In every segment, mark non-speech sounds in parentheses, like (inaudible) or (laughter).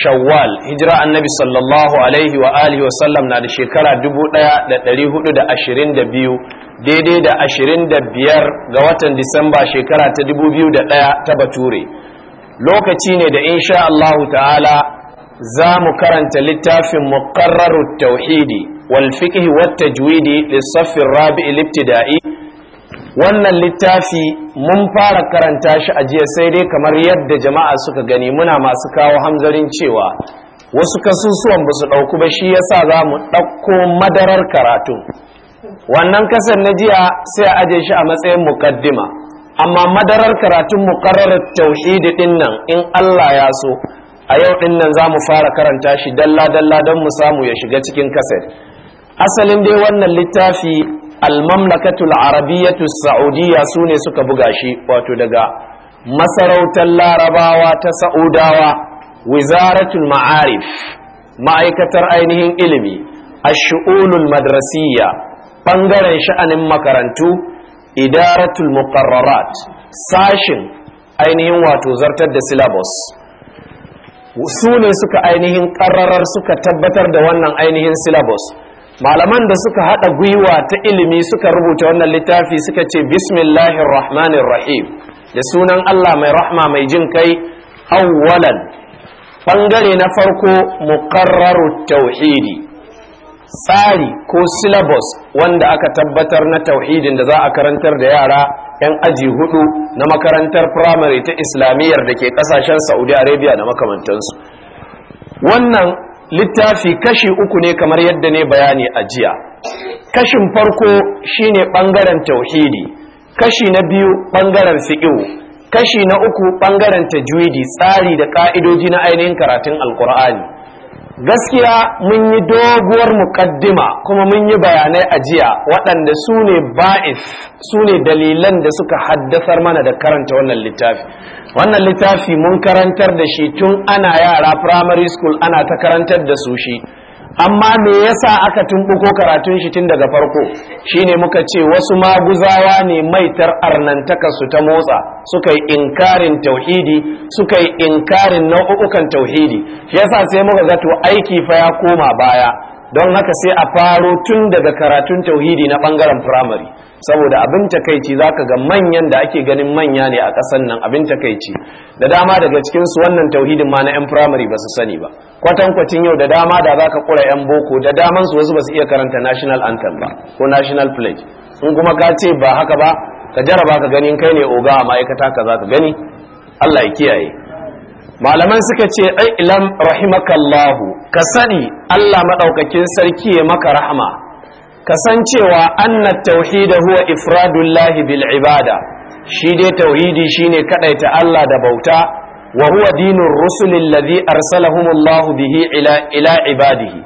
shawwal hijira annabi sallallahu alaihi wa alihi wasallam na da shekara 1422 daidai da 25 ga watan disamba shekara ta 2001 ta bature lokaci ne da insha Allah ta'ala za mu karanta littafin muqarrarut tauhidi wal fiqh wat tajwidi lis rabi'il ibtida'i wannan littafi mun fara karanta shi a jiya sai dai kamar yadda jama'a suka gani muna masu kawo hamzarin cewa wasu kasusuwan ba su ɗauku ba shi yasa za mu ɗauko madarar karatu wannan kasar na jiya sai a aje shi a matsayin mukaddima amma madarar karatun muƙarrar tauhidi ɗin nan in allah ya so a yau ɗin nan za mu fara karanta shi dalla-dalla don mu samu ya shiga cikin kasar asalin dai wannan littafi al-mamlakatul arabiyyatu saudiya sune suka buga shi wato daga masarautar larabawa ta sa'udawa wizaratul ma'arif ma'aikatar ainihin ilimi shu'ulul madrasiyya bangaren sha'anin makarantu idaratul muqarrarat sashin ainihin wato zartar da syllabus Sune suka ainihin ƙarrarar suka tabbatar da wannan ainihin syllabus malaman da suka hada gwiwa ta ilimi suka rubuta wannan littafi suka ce bismillahir rahmanir rahim da sunan Allah mai rahma mai jin kai awwalan bangare na farko muqarraru tauhidi tsari ko syllabus wanda aka tabbatar na tauhidin da za a karantar da yara 'yan aji hudu na makarantar firamare ta islamiyyar da ke kasashen saudi arabia da makamantansu wannan littafi kashi uku ne kamar yadda ne bayani a jiya kashin farko shine bangaren tauhidi kashi na biyu bangaren fiqhu kashi na uku bangaren tajwidi tsari da ka'idoji na ainihin karatun alqur'ani gaskiya mun yi doguwar mukaddima kuma mun yi bayanai a jiya waɗanda su ne ba'if su ne dalilan da suka haddasar mana da karanta wannan littafi wannan littafi mun karantar da shi tun ana yara primary school ana ta karantar da su shi amma me yasa aka tumbuko karatun shi tun daga farko shine muka ce wasu maguzawa ne maitar arnantaka su ta motsa suka yi inkarin tauhidi suka yi inkarin nau'ukan tauhidi yasa sai muka ga to aiki fa ya koma baya don haka sai a faro tun daga karatun tauhidi na bangaren firamare saboda abin takaici zaka ga manyan da ake ganin manya ne a ƙasan nan abin takaici da dama daga cikin su wannan tauhidin ma na yan firamare ba su sani ba kwatankwacin yau da dama da zaka kura yan boko da daman wasu ba su iya karanta national anthem ba ko national pledge in kuma ka ce ba haka ba ka jaraba ka ganin kai ne oga a ma'aikata ka za ka gani Allah ya kiyaye malaman suka ce ai ilam rahimakallahu ka sani Allah madaukakin sarki ya maka rahama Kasan cewa anna tauhida huwa ifradullahi bil ibada shi dai tauhidi shine ta Allah da bauta wa huwa dinur rusul alladhi arsalahumullahu bihi ila ila ibadihi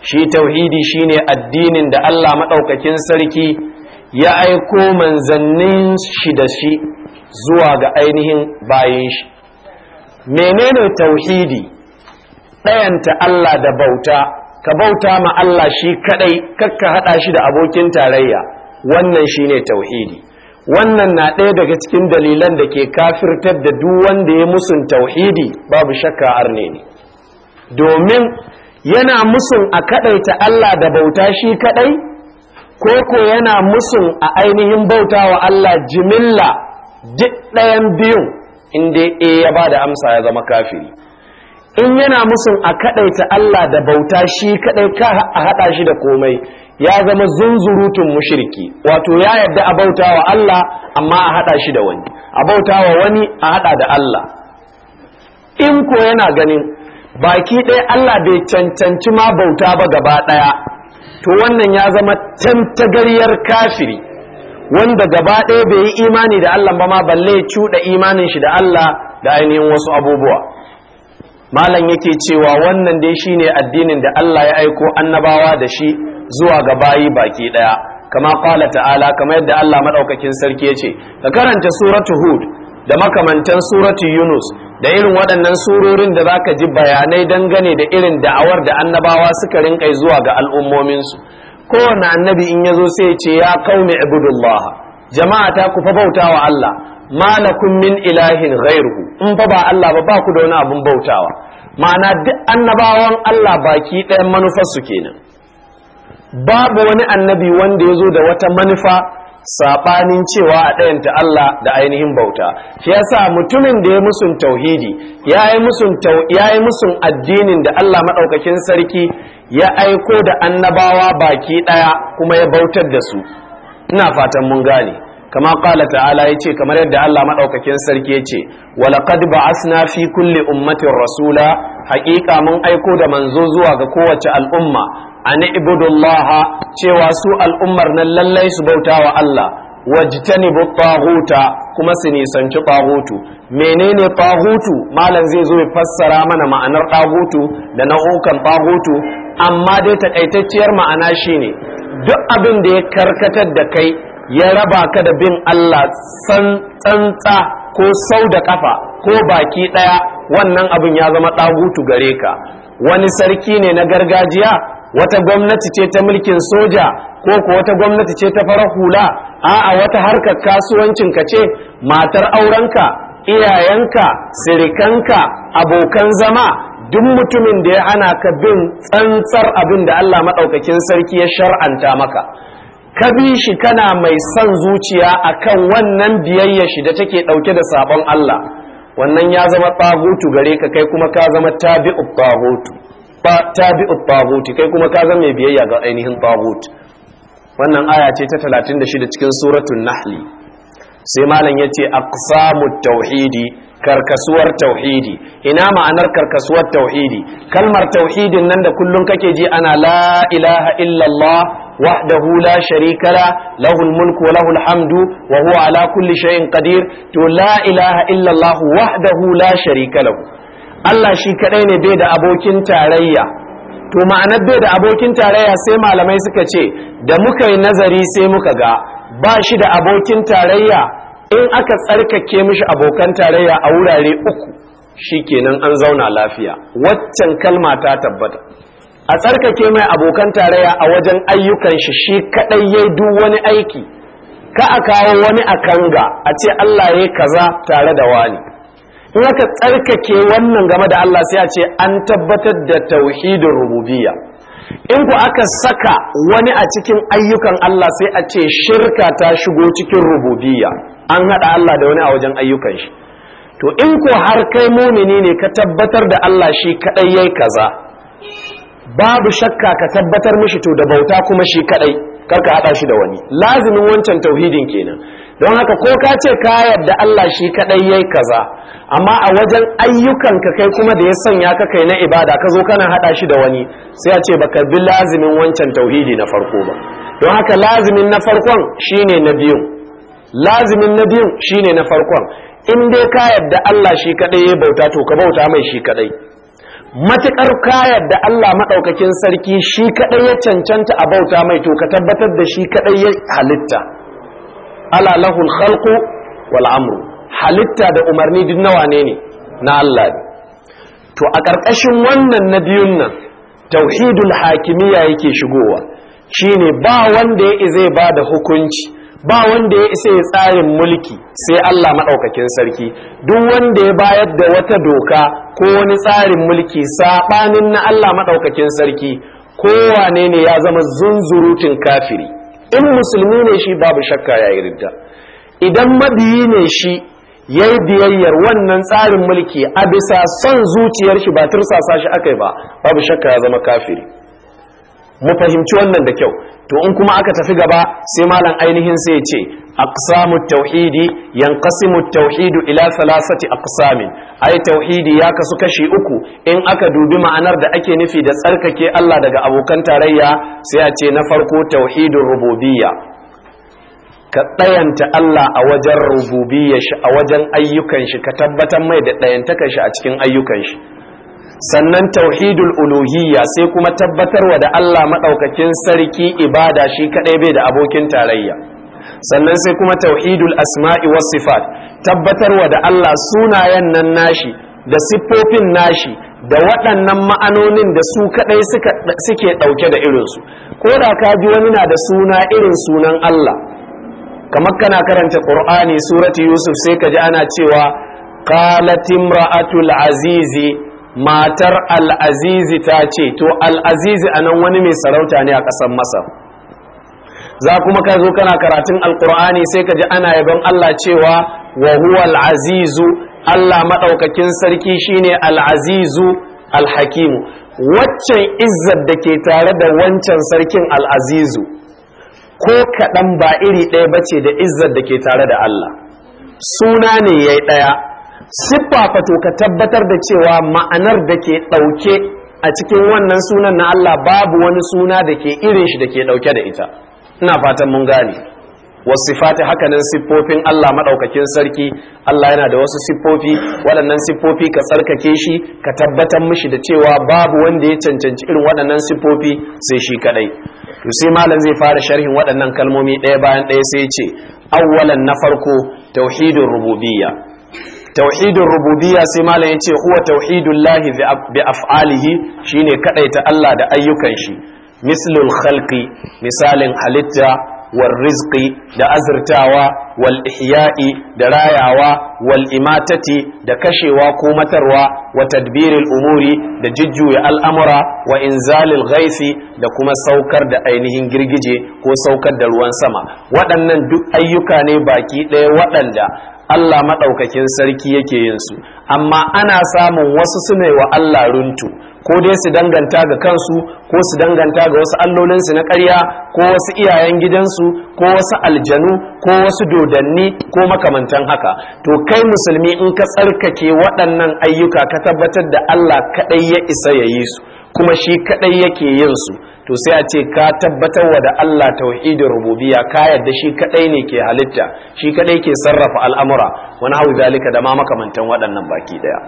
shi tauhidi shine addinin da Allah madaukakin sarki ya aiko manzannin shi da shi zuwa ga ainihin bayin shi menene tauhidi ɗayanta Allah da bauta ka bauta ma Allah shi kadai kakka hada shi da abokin tarayya wannan shine tauhidi wannan na ɗaya daga cikin dalilan da ke kafirtar da duk wanda ya musun tauhidi babu shakka arne ne domin yana musun a kadaita Allah da bauta shi kadai koko yana musun a ainihin bauta wa Allah jimilla duk ɗayan biyun inda e ya ba da amsa ya zama kafiri in yana musun a kadaita Allah da bauta shi kadai ka a hada shi da komai ya zama zunzurutun mushriki wato ya yadda a bauta wa Allah amma a hada shi da wani a bauta wa wani a haɗa da Allah in ko yana ganin baki ɗaya Allah bai cancanci ma bauta ba gaba ɗaya to wannan ya zama tantagaryar kafiri wanda gaba ɗaya bai yi imani da Allah ba ma balle cuɗa imanin shi da Allah da ainihin wasu abubuwa malam yake cewa wannan dai shine addinin da Allah ya aiko annabawa da shi zuwa ga bayi baki daya kama qala ta'ala kama yadda Allah madaukakin sarki ce. ka karanta suratu hud da makamantan suratu yunus da irin waɗannan surorin da zaka ji bayanai dangane da irin da'awar da annabawa suka rinka zuwa ga al'ummominsu kowane annabi in yazo sai ya ce ya qaumi ibudullah jama'a ta kufa fa bautawa Allah malakun min ilahin ghairuhu in fa ba Allah ba ba ku da wani abun bautawa ma'ana duk annabawan Allah baki ɗayan manufar su kenan babu wani annabi wanda ya zo da wata manufa saɓanin cewa a ɗayanta Allah da ainihin bauta shi yasa mutumin da ya musun tauhidi ya yi musun musun addinin da Allah maɗaukakin sarki ya aiko da annabawa baki ɗaya kuma ya bautar da su ina fatan mun gane kama kala ta'ala ce kamar yadda Allah maɗaukakin sarki yace wa laqad ba'asna fi kulle ummatin rasula Haƙiƙa mun aiko da manzo zuwa ga kowace al'umma an ibudullaha cewa su al'ummar nan lallai su bautawa Allah wajtanibu taghuta kuma su nisanci taghutu menene taghutu malam zai zo ya fassara mana ma'anar taghutu da na'ukan taghutu amma dai takaitacciyar ma'ana shine duk abin da ya karkatar da kai ya raba ka da bin Allah tsantsa ko sau da kafa ko baki ɗaya wannan abin ya zama ɗagutu gare ka wani sarki ne na gargajiya wata gwamnati ce ta mulkin soja ko ko wata gwamnati ce ta farar hula a'a wata harkar kasuwancin ka ce matar aurenka iyayenka sirikanka abokan zama duk mutumin da ya hana ka bin tsantsar abin da Allah maɗaukakin sarki ya shar'anta maka ka bi shi kana mai son zuciya akan wannan biyayya shi da take ɗauke da sabon Allah wannan ya zama tsagutu gare ka kai kuma ka zama tabi'u tsagutu kai kuma ka zama mai biyayya ga ainihin tsagutu wannan aya ce ta 36 cikin suratun nahli sai malam yace aqsamut tauhidi karkasuwar tauhidi ina ma'anar karkasuwar tauhidi kalmar tauhidin nan da kullum kake ji ana la ilaha illallah wahdahu la sharika la lahul mulku wa lahul hamdu wa huwa ala kulli shay'in qadir to la ilaha illallah wahdahu la sharika lahu Allah shi kadai ne bai da abokin tarayya to ma'anar bai da abokin tarayya sai malamai suka ce da muka yi nazari sai muka ga ba shi da abokin tarayya in aka tsarkake mishi abokan tarayya a wurare uku shi kenan an zauna lafiya waccan kalma ta tabbata a tsarkake mai abokan tarayya a wajen ayyukan shi shi kadai yayi duk wani aiki ka a kawo wani a kanga a ce Allah yayi kaza tare da wani in aka tsarkake wannan game da Allah sai a ce an tabbatar da tauhidin rububiyya in ku aka saka wani a cikin ayyukan Allah sai a ce shirka ta shigo cikin rububiyya an haɗa Allah da wani a wajen ayyukan shi to in ko har kai mumini ne ka tabbatar da Allah shi kaɗai yayi kaza babu shakka ka tabbatar mishi to da bauta kuma shi kaɗai karka haɗa shi da wani lazimin wancan tauhidin kenan don haka ko ka ce ka yarda Allah shi kaɗai yayi kaza amma a wajen ayyukan ka kai kuma da ya sanya ka kai na ibada ka zo kana haɗa shi da wani sai a ce baka bi lazimin wancan tauhidi na farko ba don haka lazimin na farkon shine na biyun lazimin na biyun shine na farkon in dai ka da Allah shi kadai ya bauta to ka bauta mai shi kadai matukar ka da Allah madaukakin sarki shi kadai ya cancanta a bauta mai to ka tabbatar da shi kadai ya halitta ala lahul khalqu wal amru halitta da umarni duk nawa ne ne na Allah ne to a ƙarƙashin wannan na biyun nan tauhidul hakimiyya yake shigowa shine ba wanda ya zai ba da hukunci ba wanda ya isa ya tsarin mulki sai Allah maɗaukakin sarki duk wanda ya bayar da wata doka ko wani tsarin mulki saɓanin na Allah maɗaukakin sarki kowane ne ya zama zunzurutun kafiri in musulmi ne shi babu shakka ya yi ridda idan mabiyi ne shi ya yi biyayyar wannan tsarin mulki a bisa son zuciyar shi ba tursasa shi aka yi ba babu shakka ya zama kafiri mu fahimci wannan da kyau to in kuma aka tafi gaba sai malam ainihin sai ce aqsamu tauhidi yanqasimu tauhidu ila thalathati aqsamin ai tauhidi ya kasu kashi uku in aka dubi ma'anar da ake nufi da tsarkake Allah daga abokan tarayya sai a ce na farko tauhidur rububiyya ka tsayanta Allah a wajen rububiyya shi a wajen ayyukan shi ka tabbatar mai da ɗayantakan shi a cikin ayyukan shi sannan tauhidul uluhiyya sai kuma tabbatarwa da Allah maɗaukakin sarki ibada shi kaɗai bai da abokin tarayya sannan sai kuma tauhidul asma'i was sifat tabbatarwa da Allah sunayen nan nashi da siffofin nashi da waɗannan ma'anonin da su kaɗai suke ɗauke da irinsu ko da ka ji wani na da suna irin sunan Allah kamar kana karanta qur'ani surati yusuf sai ka ji ana cewa qalatimra'atul azizi matar al'azizi ta ce to al'azizi a nan wani mai sarauta ne a ƙasar masar za kuma ka zo kana karatun alkur'ani sai ka ji ana yabon allah cewa wa huwa al'azizu allah maɗaukakin sarki shine al'azizu alhakimu waccan izzar da ke tare da wancan sarkin al'azizu ko kaɗan ba iri ɗaya ba ce da izzar da ke tare da allah suna ne ya yi ɗaya siffa fato ka tabbatar da cewa ma'anar da ke ɗauke a cikin wannan sunan na Allah babu wani suna da ke irin shi da ke ɗauke da ita ina fatan mun gane wasu sifati hakanan siffofin Allah maɗaukakin sarki Allah yana da wasu siffofi waɗannan siffofi ka tsarkake shi ka tabbatar mishi da cewa babu wanda ya cancanci irin waɗannan siffofi sai shi kaɗai to sai malam zai fara sharhin waɗannan kalmomi ɗaya bayan ɗaya sai ce awwalan na farko tauhidin rububiyya tauhidin rububiyya sai malam ya ce huwa tauhidun lahi bi af'alihi shine kadaita Allah da ayyukan shi mislul khalqi misalin halitta wal rizqi da azurtawa wal ihya'i da rayawa wal imatati da kashewa ko matarwa wa tadbiril umuri da jujjuya al'amura wa inzalil ghaisi da kuma saukar da ainihin girgije ko saukar da ruwan sama waɗannan duk ayyuka ne baki ɗaya waɗanda Allah maɗaukakin sarki yake yin su amma ana samun wasu su wa Allah runtu ko dai su danganta ga kansu ko su danganta ga wasu allolinsu na ƙarya ko wasu iyayen gidansu ko wasu aljanu ko wasu dodanni ko makamantan haka to kai musulmi in ka tsarkake waɗannan ayyuka ka tabbatar da Allah kaɗai ya isa ya yi su kuma shi kadai yake yin su to sai a ce ka tabbatar wa da Allah tauhidin rububiyya ka yadda shi kadai ne ke halitta shi kadai ke sarrafa al'amura wani hau zalika da ma makamantan waɗannan baki daya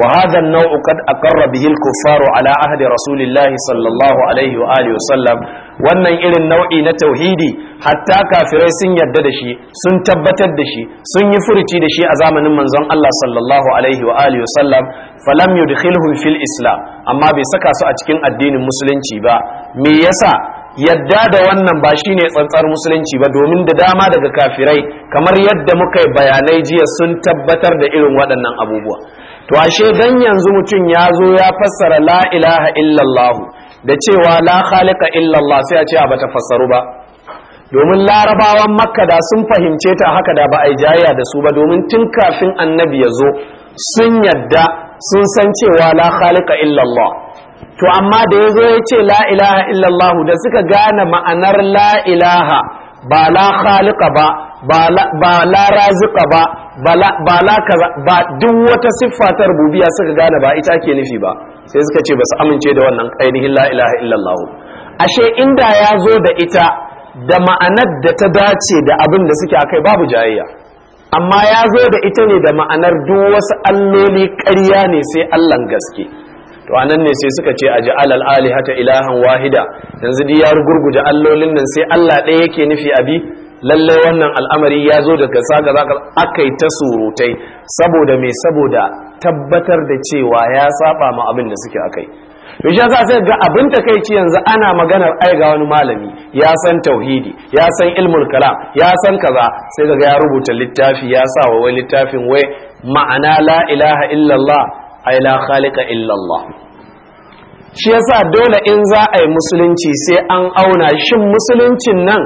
wa hadha an-naw'u qad aqarra bihi al-kuffaru ala ahdi rasulillahi sallallahu alaihi wa alihi wa sallam wannan irin nau'i na tauhidi hatta kafirai sun yarda da shi sun tabbatar da shi sun yi furuci da shi a zamanin manzon Allah sallallahu alaihi wa alihi wasallam falam yudkhilhum fil islam amma bai saka su a cikin addinin musulunci ba me yasa yadda da wannan ba shine tsantsar musulunci ba domin da dama daga kafirai kamar yadda muka bayanai jiya sun tabbatar da irin waɗannan abubuwa to ashe dan yanzu mutum ya zo ya fassara la ilaha illallahu da cewa la khaliqa illallah sai a ce a bata fassaru ba domin larabawan makka da sun fahimce ta haka da ba a yi jayya da su ba domin tun kafin annabi ya zo sun yadda sun san cewa la khaliqa illallah to amma da ya zo ya ce la ilaha illallah da suka gane ma'anar la ilaha ba la khaliqa ba ba la raziqa ba ba la kaza ba duk wata siffatar ta rububiyya suka gane ba ita ke nufi ba sai suka ce ba su amince da wannan ainihin la ilaha illallahu. ashe inda ya zo da ita da ma'anar da ta dace da abin da suke akai babu jayayya amma ya zo da ita ne da ma'anar duk wasu alloli ƙarya ne sai allan gaske to anan ne sai suka ce a ji alal alihata ilahan wahida yanzu ya rugurguje allolin nan sai allah ɗaya yake nufi abi Lallai wannan al'amari ya zo daga saga zaka aka ta surutai saboda mai saboda tabbatar da cewa ya saba ma abin da suke akai to shi sai ga abin takaici yanzu ana maganar ai ga wani malami ya san tauhidi ya san ilmul kalam ya san kaza sai daga ya rubuta littafi ya sa wa wai littafin wai ma'ana la ilaha illallah ai la khaliqa illallah shi yasa dole in za a yi musulunci sai an auna shin musuluncin nan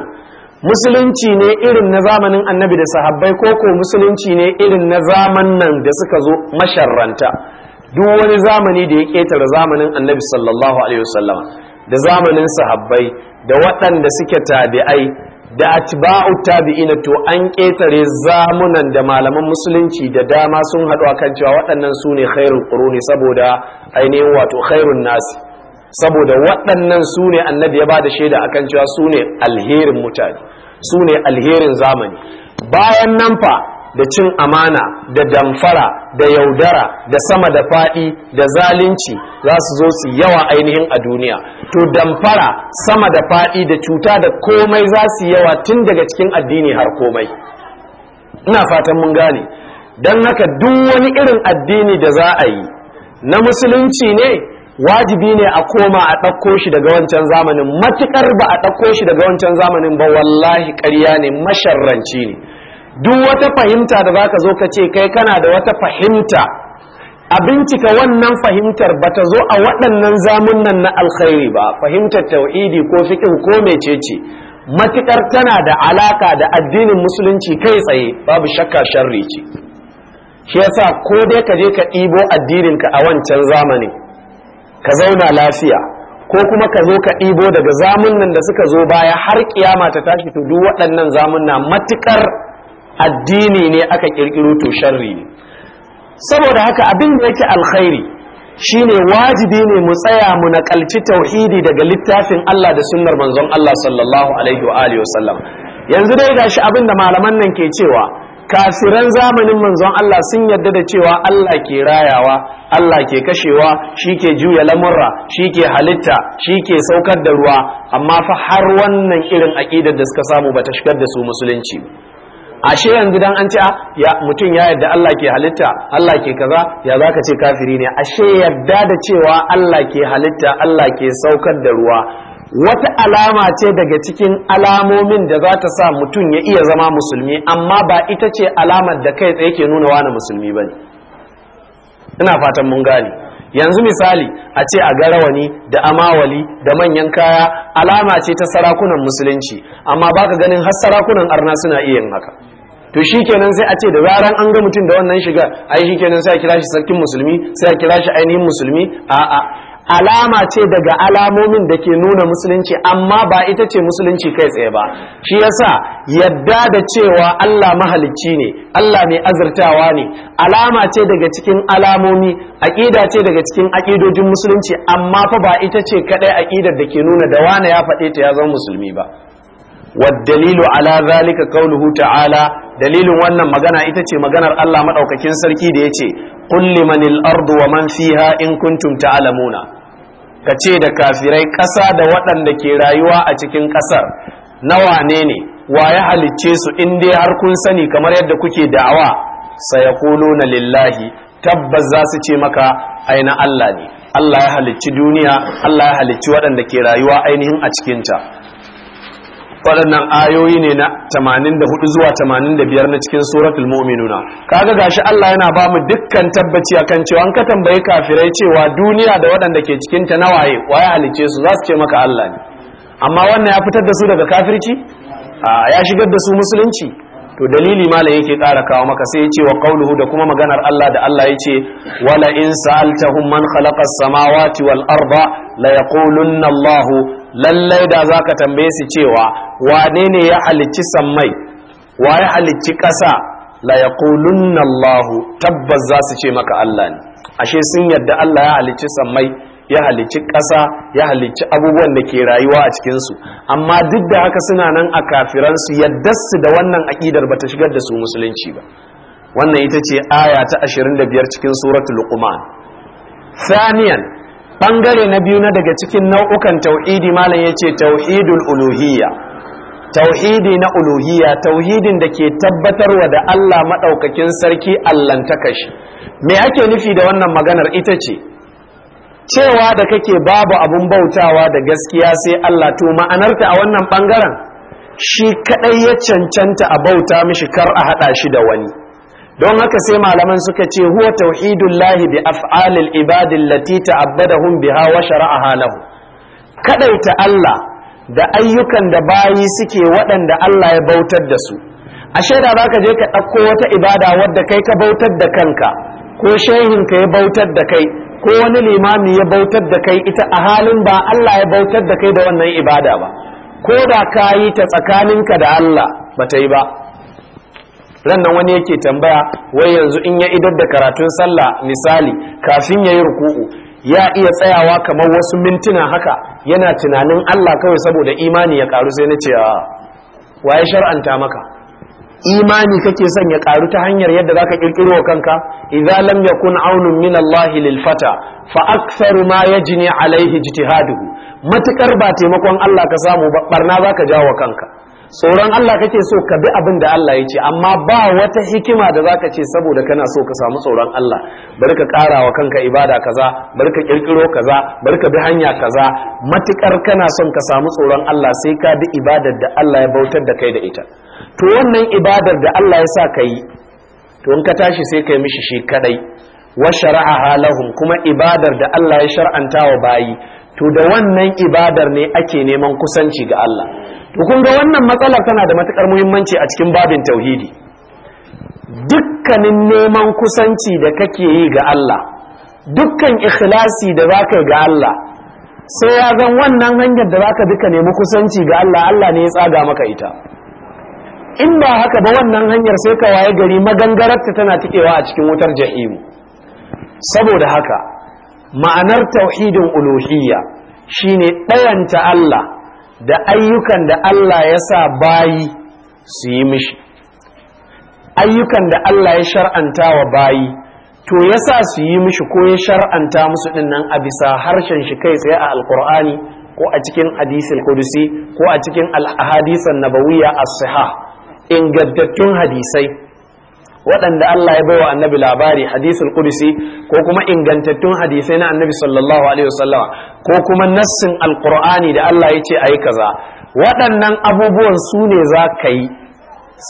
musulunci ne irin na zamanin annabi da sahabbai ko musulunci ne irin na zaman nan da suka zo masharranta duk wani zamani da ya ƙetare zamanin annabi sallallahu alaihi wasallama da zamanin sahabbai da waɗanda suke tabi'ai da atba'u tabi'ina to an ƙetare zamunan da malaman musulunci da dama sun haɗu a kan cewa waɗannan su ne khairul quruni saboda ainihin wato khairun nasi saboda waɗannan su ne annabi ya ba da shaida kan cewa su ne alherin mutane su ne alherin zamani bayan nan fa da cin amana da damfara da yaudara da sama da faɗi da zalunci za su zo su yawa ainihin a duniya to damfara sama da faɗi da cuta da komai za su yawa tun daga cikin addini har komai ina fatan mun gane don haka duk wani irin addini da za a yi na musulunci ne wajibi ne a koma a ɗauko shi daga wancan zamanin matukar ba a ɗauko shi daga wancan zamanin ba wallahi ƙarya ne masharranci ne duk wata fahimta da ka zo ka ce kai kana da wata fahimta a bincika wannan fahimtar ba ta zo a waɗannan zamunan na alkhairi ba fahimtar tauhidi ko fikin ko mecece matukar tana da alaka da addinin musulunci kai tsaye babu shakka sharri ce shi yasa ko dai ka je ka ɗibo addininka a wancan zamanin ka zauna lafiya ko kuma ka zo ka ɗibo daga zamunnan da suka zo baya har ƙiyama ta tashi to duk waɗannan zamunna matuƙar addini ne aka ƙirƙiro to sharri ne saboda haka abin da yake alkhairi shine wajibi ne mu tsaya mu nakalci tauhidi daga littafin Allah da sunnar manzon Allah sallallahu alaihi wa alihi wasallam yanzu dai gashi abin da malaman nan ke cewa kafiran zamanin manzon Allah sun yarda da cewa Allah ke rayawa Allah ke kashewa shi ke juya lamurra shi ke halitta shi ke saukar da ruwa amma fa har wannan irin aƙidar da suka samu ba ta shigar da su musulunci ashe yanzu dan an ce ah, ya mutum ya yarda Allah ke halitta Allah ke kaza ya za ka ce kafiri ne ashe yarda da cewa Allah ke halitta Allah ke saukar da ruwa wata alama ce daga cikin alamomin da za ta sa mutum ya iya zama musulmi amma ba ita ce alamar da kai tsaye ke nuna wani musulmi ba ne ina fatan mun gane yanzu misali a ce a garawani da amawali da manyan kaya alama ce ta sarakunan musulunci amma ba ka ganin har sarakunan arna suna iya yin haka to shi kenan sai a ce da zaran an ga mutum da wannan shiga ai shikenan sai a kira shi sarkin musulmi sai a kira shi ainihin musulmi a'a alama ce daga alamomin da ke nuna musulunci amma ba ita ce musulunci kai tsaye ba shi yasa yadda da cewa Allah mahalicci ne Allah mai azurtawa ne alama ce daga cikin alamomi aƙida ce daga cikin aƙidojin musulunci amma fa ba ita ce kadai aƙidar da ke nuna da wane ya faɗe ta ya zama musulmi ba waddalilu ala zalika قوله ta'ala dalilin wannan magana ita ce maganar Allah madaukakin sarki da yace kulli manil ardu wa man fiha in kuntum ta'lamuna ka ce da kafirai ƙasa da waɗanda ke rayuwa a cikin ƙasar na wane ne wa ya halicce su in dai har kun sani kamar yadda kuke da'awa na lillahi tabbas za su ce maka aina Allah ne Allah ya halicci duniya Allah ya halicci waɗanda ke rayuwa ainihin a cikinta waɗannan ayoyi ne na 84 zuwa 85 na cikin suratul Ka ga gashi Allah yana ba mu dukkan tabbaci akan cewa an ka tambayi kafirai cewa duniya da waɗanda ke cikin ta nawaye waye halice su za su ce maka Allah ne amma wannan ya fitar da su daga kafirci ya shigar da su musulunci to dalili ma yake ƙara kawo maka sai ya ce wa qauluhu da kuma maganar Allah da Allah ya ce wala in sa'altahum man khalaqas samawati wal arda la yaqulunna Allahu lallai da za ka tambaye su cewa wane ne ya halicci sammai wa ya halicci ƙasa la yaqulunna Allahu tabbas za su ce maka Allah ne ashe sun yadda Allah ya halicci sammai ya halicci ƙasa ya halicci abubuwan da ke rayuwa a cikinsu amma duk da haka suna nan a kafiransu yadda su da wannan aƙidar ba ta shigar da su musulunci ba wannan ita ce aya ta 25 cikin suratul luqman thaniyan bangare na biyu na daga cikin nau'ukan tauhidi malam ya ce tauhidul uluhiyya tauhidi na uluhiyya tauhidin da ke tabbatarwa da Allah maɗaukakin sarki allantaka shi me ake nufi da wannan maganar ita ce cewa da kake babu abun bautawa da gaskiya sai Allah to ma'anarta a wannan bangaren shi kadai ya cancanta a bauta mishi kar a hada shi da wani don haka sai malaman suka ce huwa lahi bi af'alil ibadi allati ta'abbadahum biha wa shara'a halahu. kadaita Allah da ayyukan da bayi suke waɗanda Allah ya bautar da su a shaida zaka je ka ɗauko wata ibada wadda kai ka bautar da kanka ko shehin ka ya bautar da kai ko wani limami ya bautar da kai ita a halin ba Allah ya bautar da kai da wannan ibada ba ko da ka yi ta tsakaninka da Allah ba ta yi ba rannan wani yake tambaya wai yanzu in ya idar da karatun sallah misali kafin ya yi ruku'u ya iya tsayawa kamar wasu mintuna haka yana tunanin Allah kawai saboda imani ya karu sai na ce wa. waye shar'anta maka imani kake son ya karu ta hanyar yadda zaka kirkiro kanka idza lam yakun aunun min Allah lil fata fa aktharu ma yajni alaihi ijtihaduhu matukar ba taimakon Allah ka samu ba barna zaka jawo kanka tsoron Allah kake so ka bi abin da Allah ya ce amma ba wata hikima da za ka ce saboda kana so ka samu tsoron Allah bari ka ƙara wa kanka ibada kaza bari ka kirkiro kaza bari ka bi hanya kaza matukar kana son ka samu tsoron Allah sai ka bi ibadar da Allah ya bautar da kai da ita to wannan ibadar da Allah ya sa ka yi to in ka tashi sai ka yi mishi shi kadai wa shara'aha halahum kuma ibadar da Allah ya shar'anta wa bayi to da wannan ibadar ne ake neman kusanci ga Allah to kun ga wannan matsalar tana da matukar muhimmanci a cikin babin tauhidi dukkanin neman kusanci da kake yi ga Allah dukkan ikhlasi da zaka ga Allah sai ya zan wannan hanyar da zaka duka nemi kusanci ga Allah Allah ne ya tsaga maka ita in ba haka ba wannan hanyar sai ka waye gari magangararta tana tikewa a cikin wutar jahimu saboda haka ma'anar tauhidin uluhiyya shine ɗayanta Allah da ayyukan da Allah ya sa bayi su yi mishi ayyukan da Allah ya shar'anta wa bayi to ya sa su yi mishi ko ya shar'anta musu nan a bisa harshen shi kai tsaye a alkur'ani ko a cikin hadisin kudusi ko a cikin al-ahadisan nabawiyya as-sihah ingantattun hadisai waɗanda Allah ya baiwa annabi labari hadisul qudsi ko kuma ingantattun hadisai na annabi sallallahu alaihi wasallama ko kuma nassin alqur'ani da Allah ya ce ayi kaza waɗannan abubuwan su ne za ka yi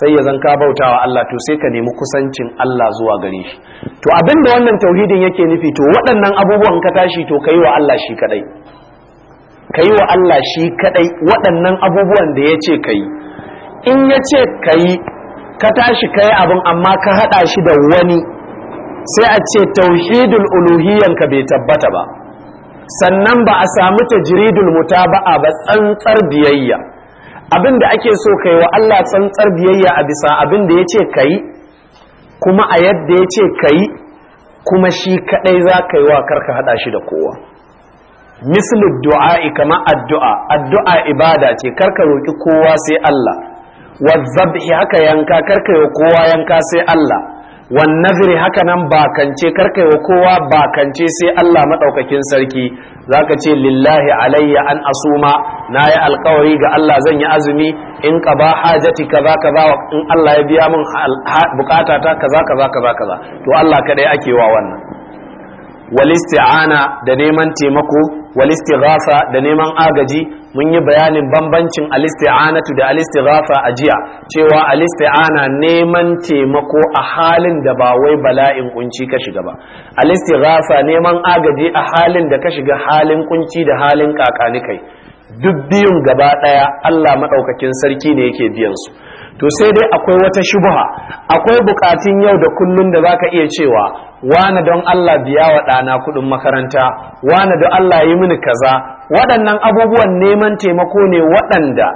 sai ya zanka bautawa Allah to sai ka nemi kusancin Allah zuwa gare shi to abinda wannan tauhidin yake nufi to waɗannan abubuwan ka tashi to kai wa Allah shi kadai kai wa Allah shi kadai waɗannan abubuwan da ya ce kai in ya ce kai ka tashi kai abin amma ka haɗa shi da wani sai a ce tauhidul ka bai tabbata ba sannan ba a samu tajridul muta ba a tsantsar biyayya abin da ake so kai wa Allah tsantsar biyayya a bisa abin da ya ka kai kuma a yadda ya yace kai kuma shi kaɗai za ka yi wa karka haɗa shi da kowa misalin du'a'i kama addu'a addu'a ibada ce karka roƙi kowa sai Allah wazzabi haka yanka karkaiwa kowa yanka sai Allah wan nazri haka nan bakance karkaiwa kowa bakance sai Allah madaukakin sarki zaka ce lillahi alayya an asuma nayi alkawari ga Allah zan yi azumi in ba hajati kaza kaza in Allah ya biya min bukata ta kaza kaza kaza kaza to Allah kadai ake wa wannan walisti'ana da neman taimako walistighafa da neman agaji mun yi bayanin bambancin al tu da alistighafa a jiya cewa alisti'ana neman taimako a halin da ba wai bala'in kunci ka shiga ba alistighafa neman agaji a halin da ka shiga halin kunci da halin kakanikai kai duk biyun gaba daya Allah madaukakin sarki ne yake biyan su to sai dai akwai wata shubha akwai bukatun yau da kullun da zaka iya cewa wani don Allah biya wa ɗana kuɗin makaranta wani don Allah yi mini kaza waɗannan abubuwan neman taimako ne waɗanda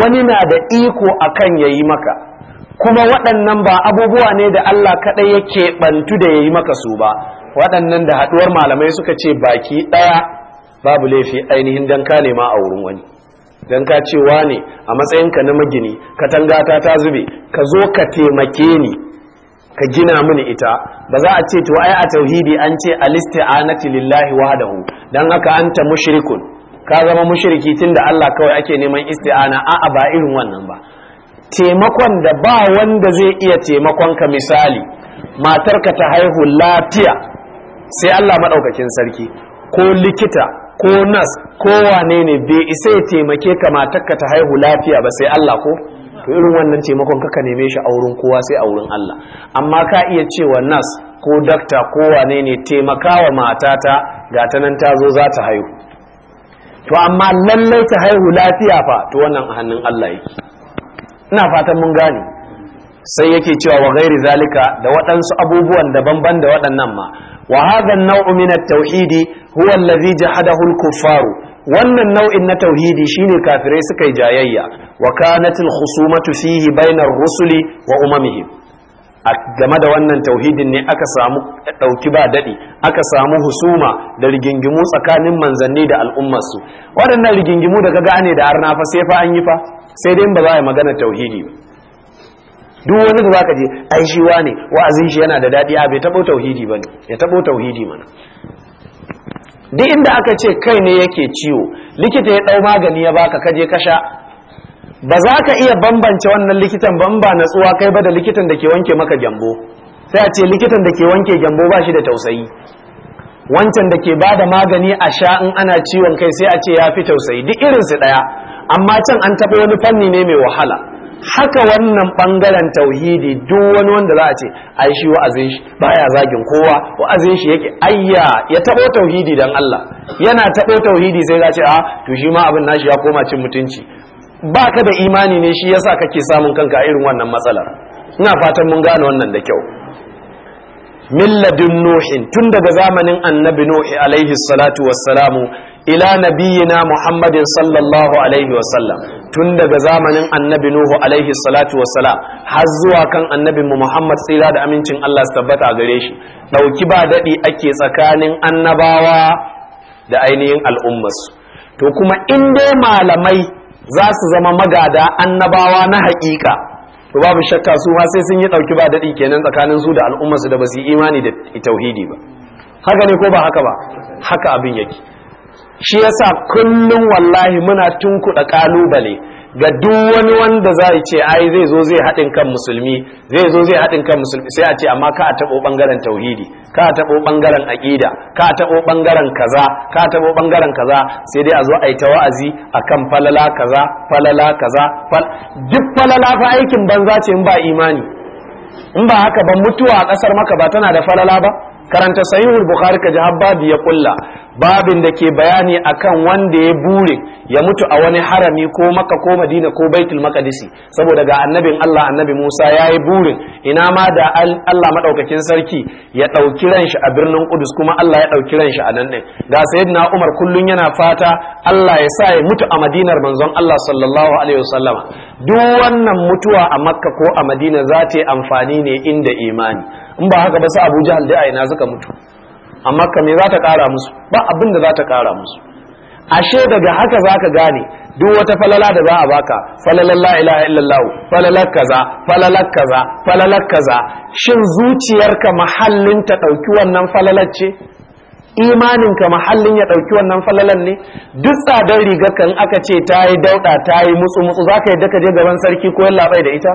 wani na da iko akan ya yi maka kuma waɗannan ba abubuwa ne da Allah kaɗai yake keɓantu da ya yi maka su ba waɗannan da haɗuwar malamai suka ce baki ɗaya babu laifi ainihin don ka nema a wurin wani dan ka ce ne a matsayinka na magini katangata ta zube ka zo ka taimake ni ka gina mini ita ba za a ce to ai a tauhidi an ce a alisti'anati lillahi wahdahu dan haka anta mushrikun ka zama mushriki tunda Allah kawai ake neman isti'ana a'a ba irin wannan ba taimakon da ba wanda zai iya taimakon ka misali matarka ta haihu lafiya sai Allah madaukakin sarki ko likita ko nas ko wane ne bai isa ya taimake ka matakka ta haihu lafiya ba sai Allah ko to irin wannan taimakon kaka neme shi a wurin kowa sai a wurin Allah amma ka iya cewa nas ko dakta ko wane ne taimakawa matata ga ta nan ta zo za ta haihu to amma lallai ta haihu lafiya fa to wannan a hannun Allah yake ina fatan mun gane sai yake cewa wa gairi zalika da waɗansu abubuwan daban-ban da waɗannan ma وهذا النوع من التوحيد هو الذي جحده الكفار wannan nau'in na tauhidi shine kafirai suka yi jayayya wa kanatil khusumatu fihi bainar rusuli wa umamihim a game da wannan tauhidin ne aka samu ɗauki ba daɗi aka samu husuma da rigingimu tsakanin manzanni da al'ummarsu waɗannan rigingimu da ka gane da harna fa sai fa an yi fa sai dai ba za a yi magana tauhidi ba duk wani da zaka je ai shi wane wa'azin shi yana da dadi a bai tabo tauhidi bane ya tabo tauhidi mana duk inda aka ce kai ne yake ciwo likita ya dau magani ya baka kaje ka sha ba za ka iya bambance wannan likitan ban ba natsuwa kai ba da likitan da ke wanke maka gyambo sai a ce likitan da ke wanke gyambo ba shi da tausayi wancan da ke bada magani a sha in ana ciwon kai sai a ce ya fi tausayi duk irinsu ɗaya amma can an taɓa wani fanni ne mai wahala haka wannan bangaren tauhidi duk wani wanda za a ce ai shi wa'azin shi baya zagin kowa wa'azin shi yake ayya ya tabo tauhidi dan Allah yana tabo tauhidi sai za a ce a ah, to shi ma abin nashi ya koma cin mutunci baka da imani ne shi yasa kake samun kanka a irin wannan matsalar ina fatan mun gane wannan da kyau milladun nuhin tun daga zamanin annabi nuhi alaihi salatu wassalamu ila nabiyina muhammadin sallallahu alaihi wasallam tun daga zamanin annabi nuhu alaihi salatu wassalam har zuwa kan annabi muhammad tsira da amincin allah su tabbata a gare shi ɗauki ba daɗi ake tsakanin annabawa da ainihin al'ummarsu to kuma in dai malamai za su zama magada annabawa na haƙiƙa to babu shakka su ma sai sun yi ɗauki ba daɗi kenan tsakanin su da al'ummarsu da ba su yi imani da tauhidi ba haka ne ko ba haka ba haka abin yake shi yasa kullum wallahi muna tunkuɗa ƙalubale ga duk wani wanda za ce ai zai zo zai haɗin kan musulmi zai zo zai haɗin kan musulmi sai a ce amma ka a taɓo ɓangaren tauhidi ka taɓo ɓangaren aƙida ka a taɓo ɓangaren kaza ka a taɓo ɓangaren kaza sai dai a zo a yi ta wa'azi a kan falala kaza falala kaza duk falala fa aikin banza ce in ba imani in ba haka ban mutuwa a ƙasar maka ba tana da falala ba karanta sahihul bukhari ka ji ya kulla babin da ke bayani akan wanda ya bure ya mutu a wani harami ko maka ko madina ko baitul maqdisi saboda ga annabin Allah annabi Musa yayi burin ina ma da Allah madaukakin sarki ya dauki ran shi a birnin Qudus kuma Allah ya dauki ran shi a nan din ga sayyidina Umar kullun yana fata Allah ya sa ya mutu a madinar manzon Allah sallallahu alaihi wasallama duk wannan mutuwa a makka ko a madina za ta yi amfani ne inda imani in ba haka ba su abu jihar da ina suka mutu amma ka me za ta kara musu ba abin za ta kara musu ashe daga haka za ka gane duk wata falala da za a baka falalar la ilaha illallah falalar kaza falalar kaza falalar kaza shin zuciyarka mahallin ta ɗauki wannan falalar ce imaninka mahallin ya ɗauki wannan falalan ne duk tsadar rigar kan aka ce ta yi dauɗa ta yi mutsu mutsu za ka yi daga je gaban sarki ko labai da ita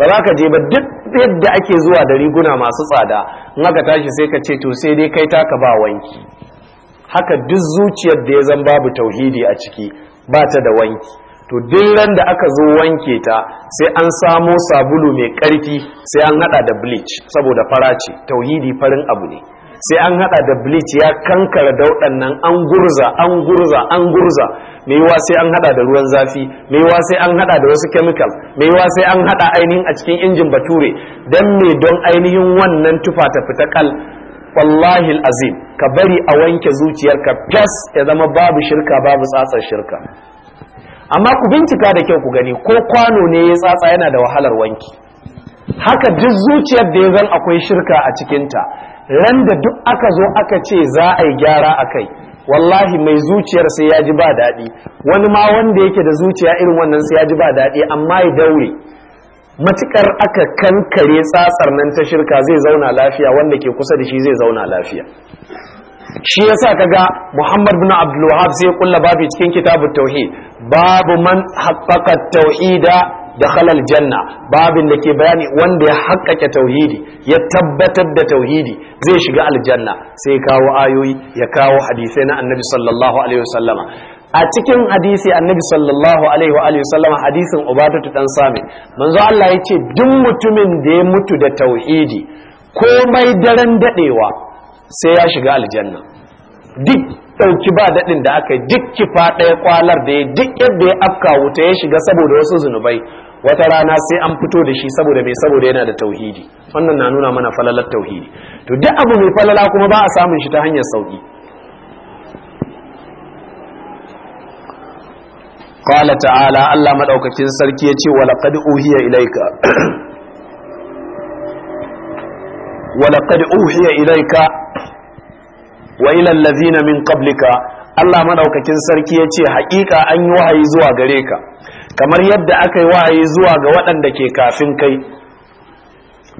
ba za ka je ba duk yadda ake zuwa da riguna masu tsada in aka tashi sai ka ce to sai dai kai taka ba wanki haka duk zuciyar da ya zan babu tauhidi a ciki ba ta da wanki to duk ran da aka zo wanke ta sai an samo sabulu mai karfi sai an hada da bleach saboda fara ce tauhidi farin abu ne sai an hada da bleach ya kankara da nan an gurza an gurza an gurza maiwa sai an hada da ruwan zafi maiwa sai an hada da wasu chemical maiwa sai an hada ainihin a cikin injin bature Don me don ainihin wannan tufa ta fita kal wallahi azim ka bari a wanke zuciyarka fes ya zama babu shirka babu tsatsar shirka amma ku bincika da kyau ku gani ko kwano ne ya tsatsa yana da wahalar wanki haka duk zuciyar da ya zan akwai shirka a cikinta ran duk aka zo aka ce za a yi gyara a kai wallahi mai zuciyar sai ya ji ba daɗi wani ma wanda yake da zuciya irin wannan sai ya ji ba daɗi amma ya daure matukar aka kankare tsatsar nan ta shirka zai zauna lafiya wanda ke kusa da shi zai zauna lafiya shi yasa ga Muhammad bin Abdul sai sai kulla babu cikin kitabu tauhid babu man haqqaqa tauhida da halal janna babin da ke bayani wanda ya haƙƙaƙe tauhidi ya tabbatar da tauhidi zai shiga aljanna sai kawo ayoyi ya kawo hadisai na annabi sallallahu alaihi wasallama a cikin hadisi annabi sallallahu alaihi wa alihi wasallama hadisin ubadatu dan sami manzo Allah yace duk mutumin da ya mutu da tauhidi komai daren dadewa sai ya shiga aljanna duk dauki ba daɗin da aka yi duk kifa ɗaya kwalar da ya duk yadda ya afka wuta ya shiga saboda wasu zunubai wata rana sai an fito da shi saboda mai saboda yana da tauhidi wannan na nuna mana falalar tauhidi to duk abu mai falala kuma ba a samun shi ta hanyar sauki qala ta'ala Allah madaukakin sarki yace wa uhiya ilayka wa uhiya ilayka wa ila allazina min qablika Allah madaukakin sarki yace haƙiƙa an yi wahayi zuwa gare ka kamar yadda aka yi wahayi zuwa ga waɗanda ke kafin kai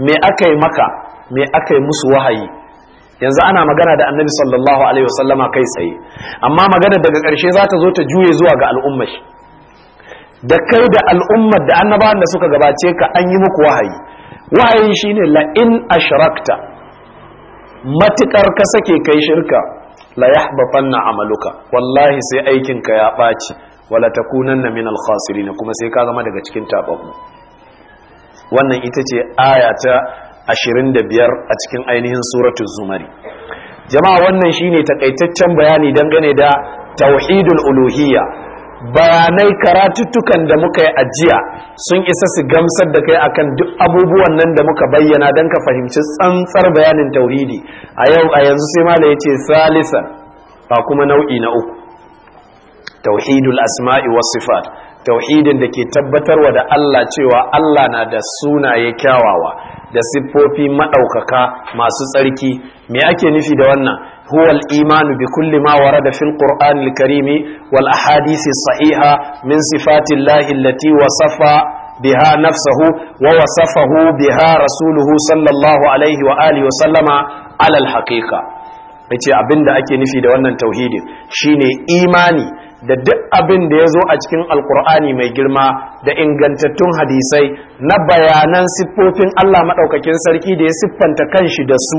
me aka yi maka me aka yi musu wahayi yanzu ana magana da annabi sallallahu alaihi wasallama kai tsaye amma magana daga ƙarshe za ta zo ta juye zuwa ga al'umma da kai da al'ummar da annabawan da suka gabace ka an yi muku wahayi wahayi shine la in ashrakta matukar ka sake kai shirka la yahbatanna amaluka wallahi sai aikin ka ya ɓaci wala ta na minal ne kuma sai ka zama daga cikin tababu wannan ita ce aya ta biyar a cikin ainihin suratun zumari jama'a wannan shi ne takaitaccen bayani dangane da tauhidul uluhiyya bayanai karatuttukan da muka yi ajiya sun isa su gamsar da kai akan duk abubuwan nan da muka bayyana don ka fahimci tsantsar bayanin tauridi a yau a yanzu sai mala ya ce salisan ba kuma nau'i na uku tauhidul asma'i was sifat tauhidin da ke tabbatar wa da Allah cewa Allah na da sunaye kyawawa da siffofi maɗaukaka masu tsarki me ake nufi da wannan huwal imanu bi kulli ma warada fil qur'anil karimi wal ahadisi sahiha min sifatillahi allati wasafa بها نفسه ووصفه بها رسوله صلى الله عليه وآله وسلم على الحقيقة yace abinda da ake nufi da wannan tauhidin shine imani da duk abin da ya zo a cikin alkur'ani mai girma da ingantattun hadisai na bayanan siffofin Allah maɗaukakin sarki da ya siffanta kanshi da su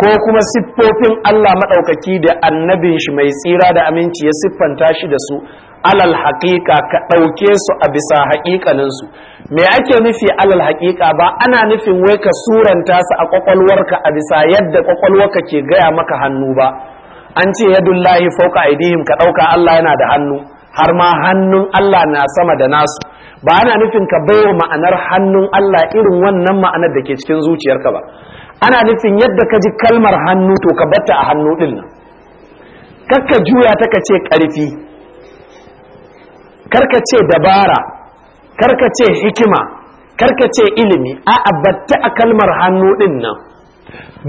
ko kuma siffofin Allah maɗaukaki da annabin shi mai tsira da aminci ya siffanta shi da su alal haƙiƙa ka ɗauke su a bisa haƙiƙaninsu me ake nufi alal haƙiƙa ba ana nufin wai ka suranta su a ƙwaƙwalwarka a bisa yadda ƙwaƙwalwarka ke gaya maka hannu ba an ce yadullahi fauka aidihim ka ɗauka Allah yana da hannu har ma hannun Allah na sama da nasu ba ana nufin ka baiwa ma'anar hannun Allah irin wannan ma'anar da ke cikin zuciyarka ba ana nufin yadda ka ji kalmar hannu to ka batta a hannu din nan karka juya ta ka ce ƙarfi karka ce dabara karka ce hikima karka ce ilimi a batta a kalmar hannu din nan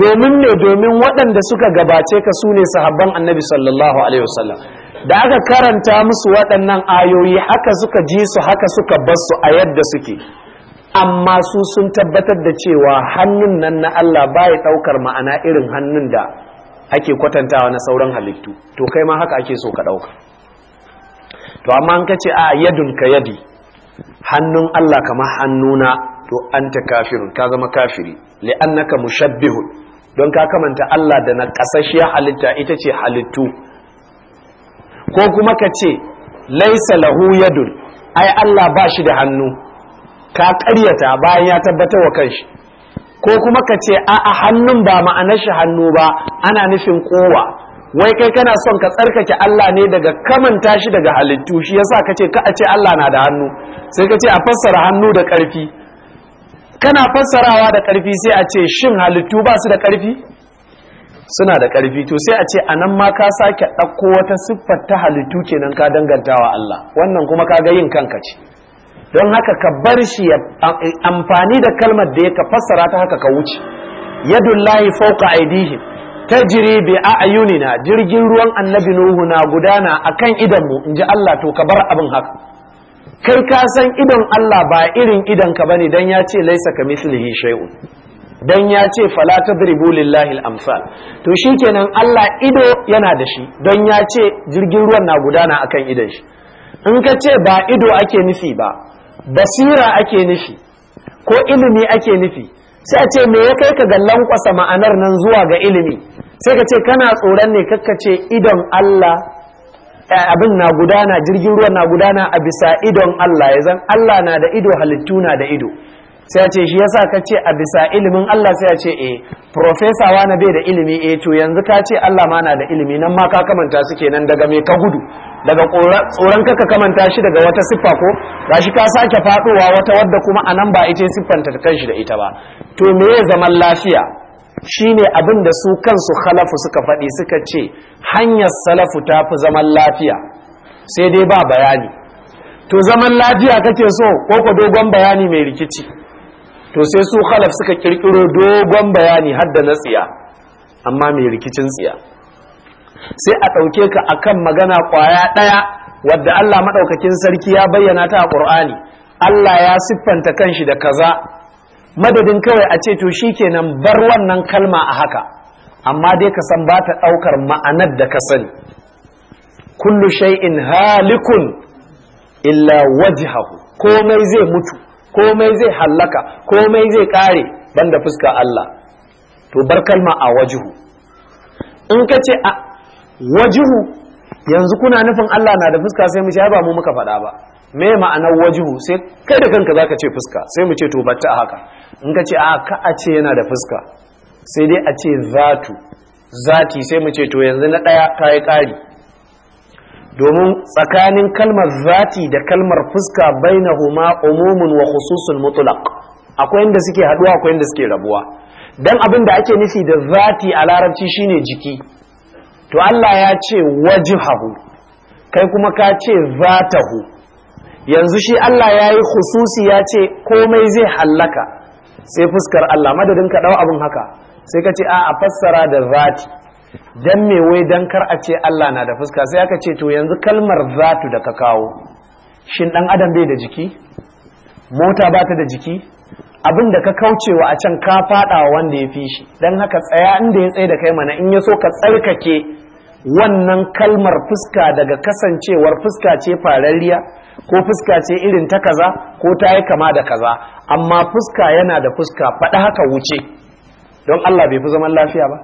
domin ne domin waɗanda suka gabace ka su ne sahabban annabi sallallahu alaihi wasallam da aka karanta musu waɗannan ayoyi haka suka ji su haka suka bar su a yadda suke amma su sun tabbatar da cewa hannun nan na Allah baya ɗaukar ma'ana irin hannun da ake kwatantawa na sauran halittu to kai ma haka ake so ka ɗauka to amma an ka a yadun ka yadi hannun Allah kamar hannuna to an ta kafirun ka zama kafiri li'annaka mushabbihun don ka kamanta Allah da na kasashiyar halitta ita ce halittu ko kuma ka ce laisa lahu yadul ai Allah ba shi da hannu ka karyata bayan ya tabbatar wa kanshi ko kuma ka ce a'a hannun ba ma'anar shi hannu ba ana nufin kowa wai kai kana son ka tsarkake Allah ne daga kamanta shi daga halittu shi yasa ce ka a ce Allah na da hannu sai ka ce a fassara hannu da ƙarfi kana fassarawa da karfi sai a ce shin halittu ba su da karfi suna da ƙarfi to sai a ce a nan ma ka sake ɗauko wata siffar ta halittu kenan ka dangantawa Allah wannan kuma ka ga yin kanka ce don haka ka bar shi amfani da kalmar da ya ka fassara ta haka ka wuce yadullahi fawqa aidihim tajri bi a'yunina jirgin ruwan annabi nuhu na gudana akan idanmu mu ji Allah to ka bar abin haka kai ka san idon Allah ba irin idon ka bane dan ya ce laisa ka mislihi shay'un dan ya ce fala tadribu lillahi al-amsal to shikenan Allah ido yana da shi dan ya ce jirgin ruwan na gudana akan idon shi in ka ce ba ido ake nufi ba basira ake nufi ko ilimi ake nufi sai a ce me ya kai ka gallan kwasa ma'anar nan zuwa ga ilimi sai ka ce kana tsoron ne kakkace idon Allah Eh, abin na gudana jirgin ruwa na gudana a bisa idon Allah ya zan Allah na da ido halittu na da ido sai ya ce shi yasa ka ce a bisa ilimin Allah sai ya ce eh profesa wani bai da ilimi eh to yanzu ka ce Allah ma na da ilimi nan ma ka kamanta su kenan daga me ka gudu daga tsoron ka kamanta shi daga wata siffa ko gashi ka sake faduwa wata wadda kuma a nan ba ita siffanta ta kanshi da ita ba to me zaman lafiya shine abin da su kansu khalafu suka faɗi suka ce hanyar salafu ta fi zaman lafiya sai dai ba bayani to zaman lafiya kake so ko dogon bayani mai rikici to sai su khalaf suka kirkiro dogon bayani hadda na tsiya amma mai rikicin tsiya sai a ɗauke ka akan magana ƙwaya ɗaya wadda Allah maɗaukakin sarki ya bayyana ta a ƙur'ani Allah ya siffanta kanshi da kaza madadin kawai a ce to shikenan bar wannan kalma a haka amma dai ka san ba ta ɗaukar ma'anar da ka sani kullu shay'in halikun illa wajhahu komai zai mutu komai zai hallaka komai zai kare banda fuska Allah to bar kalma a wajihu in ka ce a wajihu yanzu kuna nufin Allah na da fuska sai mu ce ba mu muka faɗa ba me ma'anar wajihu sai kai da kanka zaka ce fuska sai mu ce to batta haka in ka ce a ka ce yana da fuska sai dai a ce zatu zati sai mu ce to yanzu na ɗaya ka yi ƙari domin tsakanin kalmar zati da kalmar fuska bainahuma umumun wa khususun mutlaq akwai inda suke haɗuwa akwai inda suke rabuwa dan abin da ake nufi da zati a larabci shine jiki to Allah ya ce wajhahu kai kuma ka ce zatahu yanzu shi Allah ya yi hususi ya ce komai zai hallaka sai fuskar Allah madadin ka dau abin haka sai ka ce a a fassara da zati dan me wai dan kar a ce Allah na da fuska sai aka ce to yanzu kalmar zatu da ka kawo shin dan adam bai da jiki mota ba ta da jiki abin da ka kaucewa a can ka fada wanda ya fi shi dan haka tsaya inda ya tsaye da kai mana in ya so ka tsarkake wannan kalmar fuska daga kasancewar fuska ce fararriya ko fuska ce irin ta kaza ko ta yi kama da kaza amma fuska yana da fuska faɗi haka wuce don Allah bai fi zaman lafiya ba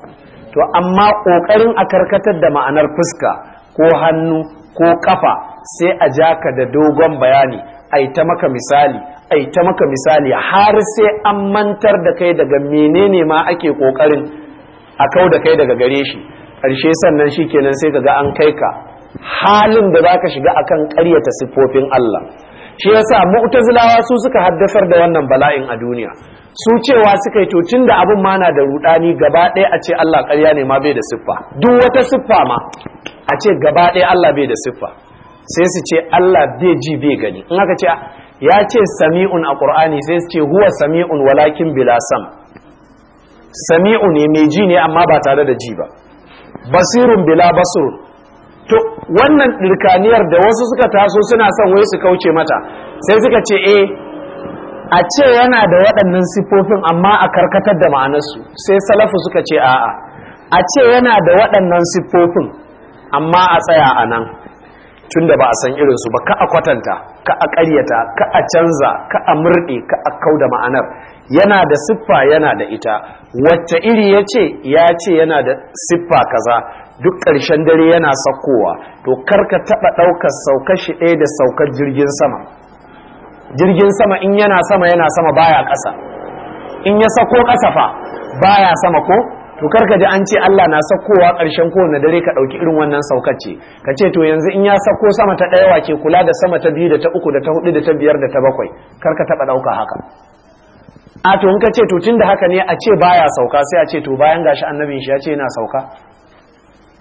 to amma ƙoƙarin a karkatar da ma'anar fuska ko hannu ko kafa sai a ja ka da dogon bayani ai ta maka misali ai ta maka misali har sai an mantar da kai daga menene ma ake ƙoƙarin a kau da kai daga gare shi ƙarshe sannan shi kenan sai ka ga an kai ka halin da za ka shiga a kan karyata siffofin Allah shi yasa mu'tazilawa su suka haddasar da wannan bala'in a duniya su cewa suka yi to da abin ma na da rudani gaba ɗaya a ce Allah ƙarya ne ma bai da siffa duk wata siffa ma a ce gaba ɗaya Allah bai da siffa sai su ce Allah bai ji bai gani in aka ce ya ce sami'un a Qur'ani sai su ce huwa sami'un walakin bila sam sami'u ne mai ji ne amma ba tare da ji ba basirun bila basirun to wannan dirkaniyar da wasu suka taso suna son wai su kauce mata sai suka ce eh a ce yana da waɗannan sifofin amma a karkatar da ma'anarsu sai salafu suka ce a'a a ce yana da waɗannan siffofin amma a tsaya a nan tun da ba a san irinsu ba ka a kwatanta ka a ƙaryata ka a canza ka a murɗe ka a kau da ma'anar yana da siffa yana da ita wacce iri ya ce ya ce yana da siffa kaza duk ƙarshen dare yana saukowa to karka taɓa ɗaukar sauka shi ɗaya da saukar jirgin sama jirgin sama in yana sama yana sama baya ƙasa in ya sauko ƙasa fa baya sama ko to karka ji an ce Allah na saukowa ƙarshen kowane dare ka ɗauki irin wannan saukar ce ka ce to yanzu in ya sauko sama ta ɗaya wake, kula da sama ta biyu da ta uku da ta hudu da ta biyar da ta bakwai karka taɓa ɗauka haka a to in ka ce to tun da haka ne a ce baya sauka sai a ce to bayan gashi annabin shi ya ce yana sauka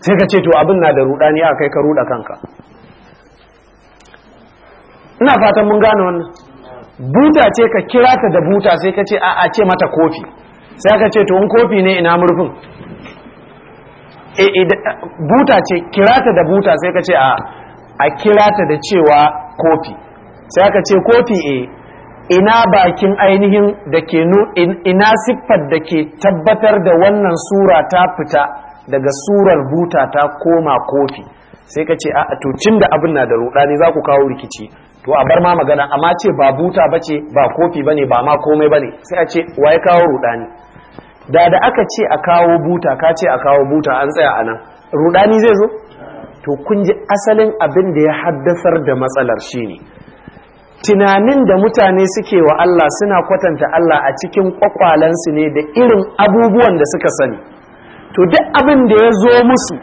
sai ka ce to abin na da rudani a kai ka ruda kanka ina fatan mun gane wannan buta ce ka kira ta da buta sai ka ce a a ce mata kofi sai ka ce to in kofi ne ina murfin e, buta ce kira ta da buta sai ka ce a a kira ta da cewa kofi sai ka ce kofi e ina bakin ainihin da ke ina siffar da ke tabbatar da wannan sura ta fita daga surar buta ta koma kofi sai ka ce a to da abin na da rudani za ku kawo rikici to a bar ma magana amma ce ba buta ba ce ba kofi ba ne ba ma komai ba ne sai a ce wa ya kawo rudani da da aka ce a kawo buta ka ce a kawo buta an tsaya a nan rudani zai zo to kun ji asalin abin da ya haddasar da matsalar shine tunanin da mutane suke wa Allah suna kwatanta Allah a cikin kwakwalensu ne da irin abubuwan da suka sani to duk abin da ya zo musu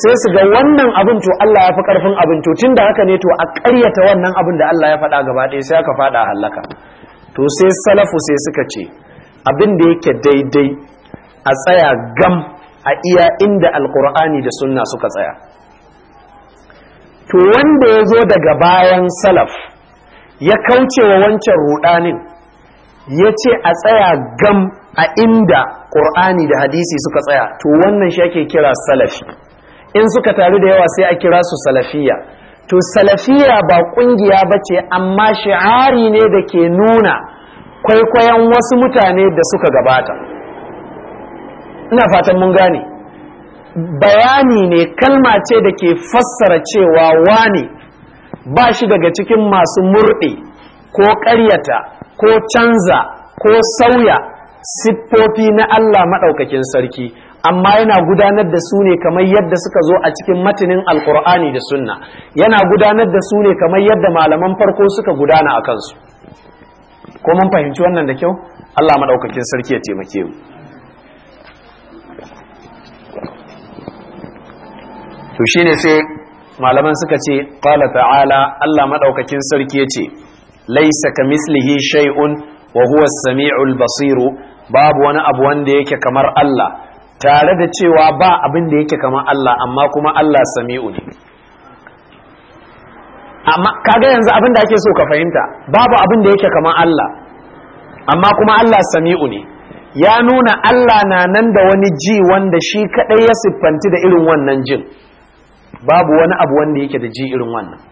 sai su ga wannan abin to Allah ya fi karfin abin to tun da haka ne to a ƙaryata wannan abin da Allah ya faɗa gaba ɗaya sai aka faɗa halaka to sai salafu sai suka ce abin da yake daidai a tsaya gam a iya inda alkur'ani da sunna suka tsaya to wanda ya zo daga bayan salaf ya kauce wa wancan rudanin ya ce a tsaya gam a inda ƙur'ani da hadisi suka tsaya to wannan shi ake kira salafi in suka taru da yawa sai a kira su salafiya to salafiya ba ƙungiya ba ce amma shi'ari ne da ke nuna kwaikwayon wasu mutane da suka gabata ina fatan mun gane bayani ne kalma ce da ke fassara cewa wane ba shi daga cikin masu murɗe ko ƙaryata ko canza ko sauya siffofi na Allah maɗaukakin sarki amma yana gudanar da su ne kamar yadda suka zo a cikin matinin alkur'ani da sunna yana gudanar da su ne kamar yadda malaman farko suka gudana a kansu ko mun fahimci wannan da kyau Allah maɗaukakin sarki ya taimake mu to shine sai malaman suka ce qala ta'ala Allah maɗaukakin sarki ya ce laisa kamislihi shay'un wa huwa as-sami'ul basir babu wani abu wanda yake kamar Allah tare da cewa ba abin da yake kamar Allah amma kuma Allah sami'u ne amma kaga yanzu abin da ake so ka fahimta babu abin da yake kamar Allah amma kuma Allah sami'u ne ya nuna Allah na nan da wani ji wanda shi kadai ya siffanti da irin wannan jin babu wani abu wanda yake da ji irin wannan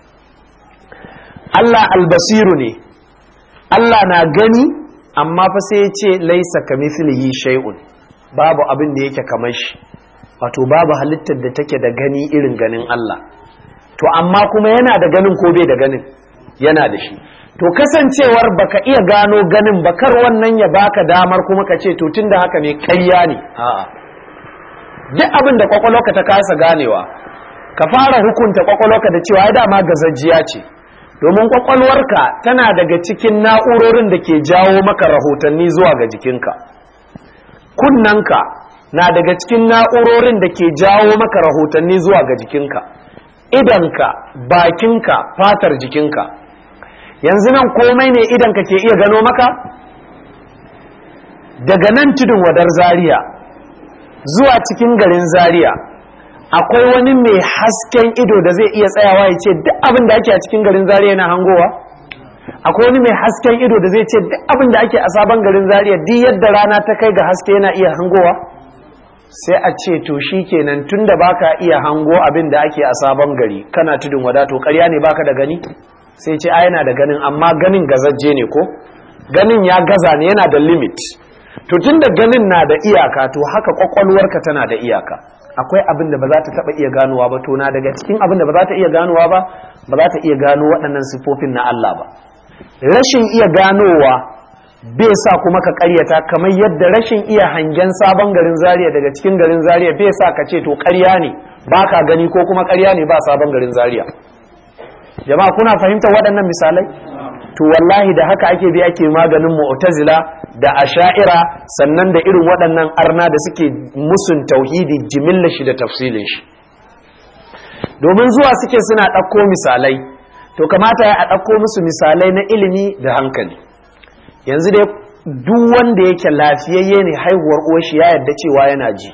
Allah albasiru ne Allah na gani amma fa sai ya ce laisa kamithlihi shay'un babu abin da yake kamar shi wato babu halittar da take da gani irin ganin Allah to amma kuma yana da ganin ko bai da ganin yana da shi to kasancewar baka iya gano ganin bakar wannan ya baka damar kuma ka ce to tunda haka ne kaiya ne a'a duk abin da kwakwalwarka ta kasa ganewa ka fara hukunta kwakwalwarka da cewa ya dama gazajjiya ce domin kwakwalwarka tana daga cikin na'urorin da ke jawo maka rahotanni zuwa ga jikinka kunnanka na daga cikin na'urorin da ke jawo maka rahotanni zuwa ga jikinka idanka bakinka fatar jikinka yanzu nan komai ne idanka ke iya gano maka daga nan tudun wadar Zariya zuwa cikin garin Zariya. akwai wani mai hasken ido da zai iya tsayawa ya ce duk abin da ake a cikin garin zariya yana hangowa akwai wani mai hasken ido da zai ce duk abin da ake a sabon garin zariya duk yadda rana ta kai ga haske yana iya hangowa sai a ce to shi kenan tun da baka iya hango abin da ake a sabon gari kana tudun wadato karya ne baka da gani sai ce a yana da ganin amma ganin gazaje ne ko ganin ya gaza ne yana da limit to tun da ganin na da iyaka to haka kwakwalwarka tana da iyaka akwai abin da ba za ta taba iya ganowa ba tona daga cikin abin da ba za ta iya ganowa ba ba za ta iya gano waɗannan siffofin na Allah ba rashin iya ganowa bai sa kuma ka ƙaryata kamar yadda rashin iya hangen sabon garin Zaria daga cikin garin Zariya bai sa ka ce to ƙarya ne ba ka gani ko kuma ƙarya ne ba sabon garin Zaria. jama'a kuna fahimtar waɗannan misalai to wallahi da haka ake bi ake maganin mu'tazila da asha'ira sannan da irin waɗannan arna da suke musun tauhidi jimilla shi da tafsilin shi domin zuwa suke suna ɗakko misalai to kamata ya a ɗauko musu misalai na ilimi da hankali yanzu dai duk wanda yake lafiyayye ne haihuwar oshi ya yadda cewa yana ji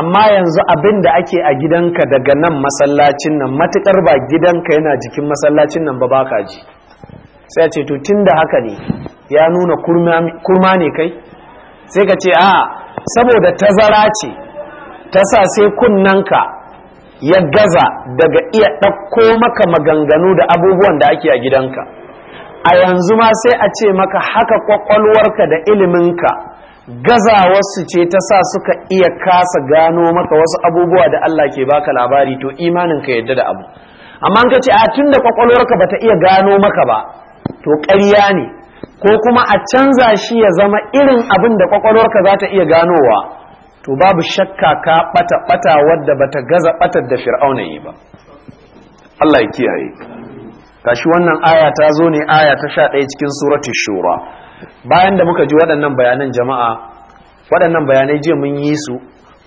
amma yanzu abin da ake a gidanka daga nan masallacin nan matukar ba gidanka yana jikin masallacin nan ba baka ji sai ce to tun da haka ne ya nuna kurma ne kai sai ka ce a saboda tazara ce ta sa sai kunnanka ya gaza daga iya ɗauko maka maganganu da abubuwan da ake a gidanka a yanzu ma sai a ce maka haka kwakwalwarka da iliminka gaza wasu ce ta sa suka iya kasa gano maka wasu abubuwa da Allah ke baka labari to imaninka yadda da abu amma ka ce a tun da kwakwalwarka bata iya gano maka ba to ƙarya ne ko kuma a canza shi ya zama irin abin da kwakwalwarka za ta iya ganowa to babu shakka ka bata bata wadda bata gaza batar da fir'auna yi ba Allah ya kiyaye kashi wannan aya ta zo ne aya ta sha ɗaya cikin suratul shura bayan da muka ji waɗannan bayanan jama'a waɗannan bayanai jiya mun yi su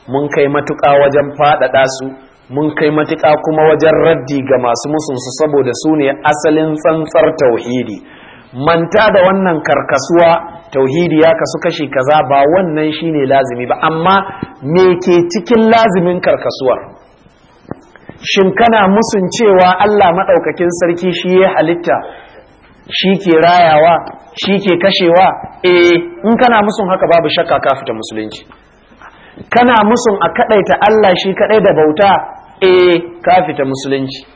mun kai matuƙa wajen faɗaɗa su mun kai matuƙa kuma wajen raddi ga masu musunsu saboda su ne asalin tsantsar tauhidi manta da wannan karkasuwa tauhidi ya kasu kashi kaza ba wannan shine lazimi ba amma me ke cikin lazimin karkasuwar shin kana musun cewa Allah maɗaukakin sarki shi ya halitta shi ke rayawa shi ke kashewa eh in kana musun haka babu shakka ka fita musulunci kana musun a kaɗaita Allah shi kaɗai da bauta eh ka fita musulunci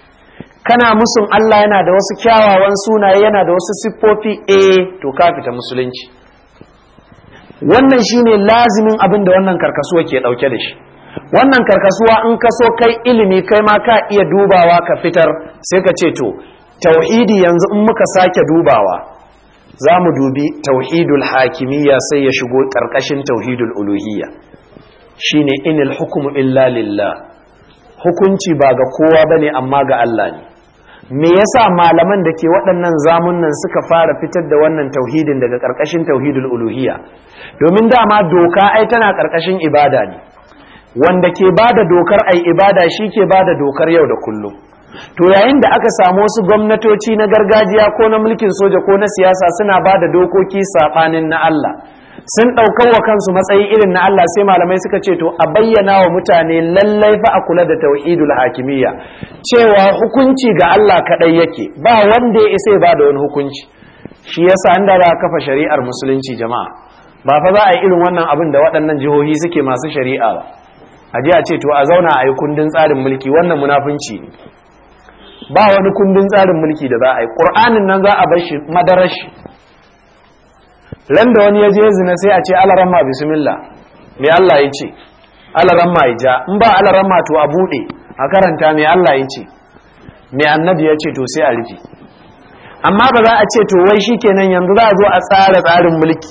kana musun Allah yana da wasu kyawawan sunaye yana da wasu siffofi eh to ka fita musulunci wannan shine lazimin abin da wannan karkasuwa ke dauke da shi wannan karkasuwa in ka so kai ilimi kai ma ka iya dubawa ka fitar sai ka ce to tauhidi yanzu in muka sake dubawa za mu dubi tauhidul hakimiyya sai ya shigo karkashin tauhidul uluhiyya shine inil hukumu illa lillah hukunci ba ga kowa bane amma ga Allah ne me yasa malaman da ke waɗannan zamunan suka fara fitar da wannan tauhidin daga ƙarƙashin tauhidul uluhiyya domin dama doka ai tana ƙarƙashin ibada ne wanda ke ba da dokar ai ibada shi ke ba da dokar yau da kullum to yayin da aka samu wasu gwamnatoci na gargajiya ko na mulkin soja ko na siyasa suna bada dokoki saɓanin na Allah sun ɗaukar wa kansu matsayi irin na Allah sai malamai suka ce to a bayyana wa mutane lallai fa a kula da tauhidul hakimiyya cewa hukunci ga Allah kadai yake ba wanda ya isa ba da wani hukunci shi yasa an za kafa shari'ar musulunci jama'a ba fa za a yi irin wannan abin da waɗannan jihohi suke masu shari'a ba a je a ce to a zauna a yi kundin tsarin mulki wannan munafunci ne ba wani kundin tsarin mulki da za a yi ƙur'anin nan za a bar shi madarashi Landa wani ya je zina sai a ce alaramma bismillah me Allah ya ce alaramma ya ja in ba alaramma to a buɗe a karanta me Allah ya ce me annabi ya ce to sai a rufe amma ba za a ce to wai shi shikenan yanzu za a zo a tsara tsarin mulki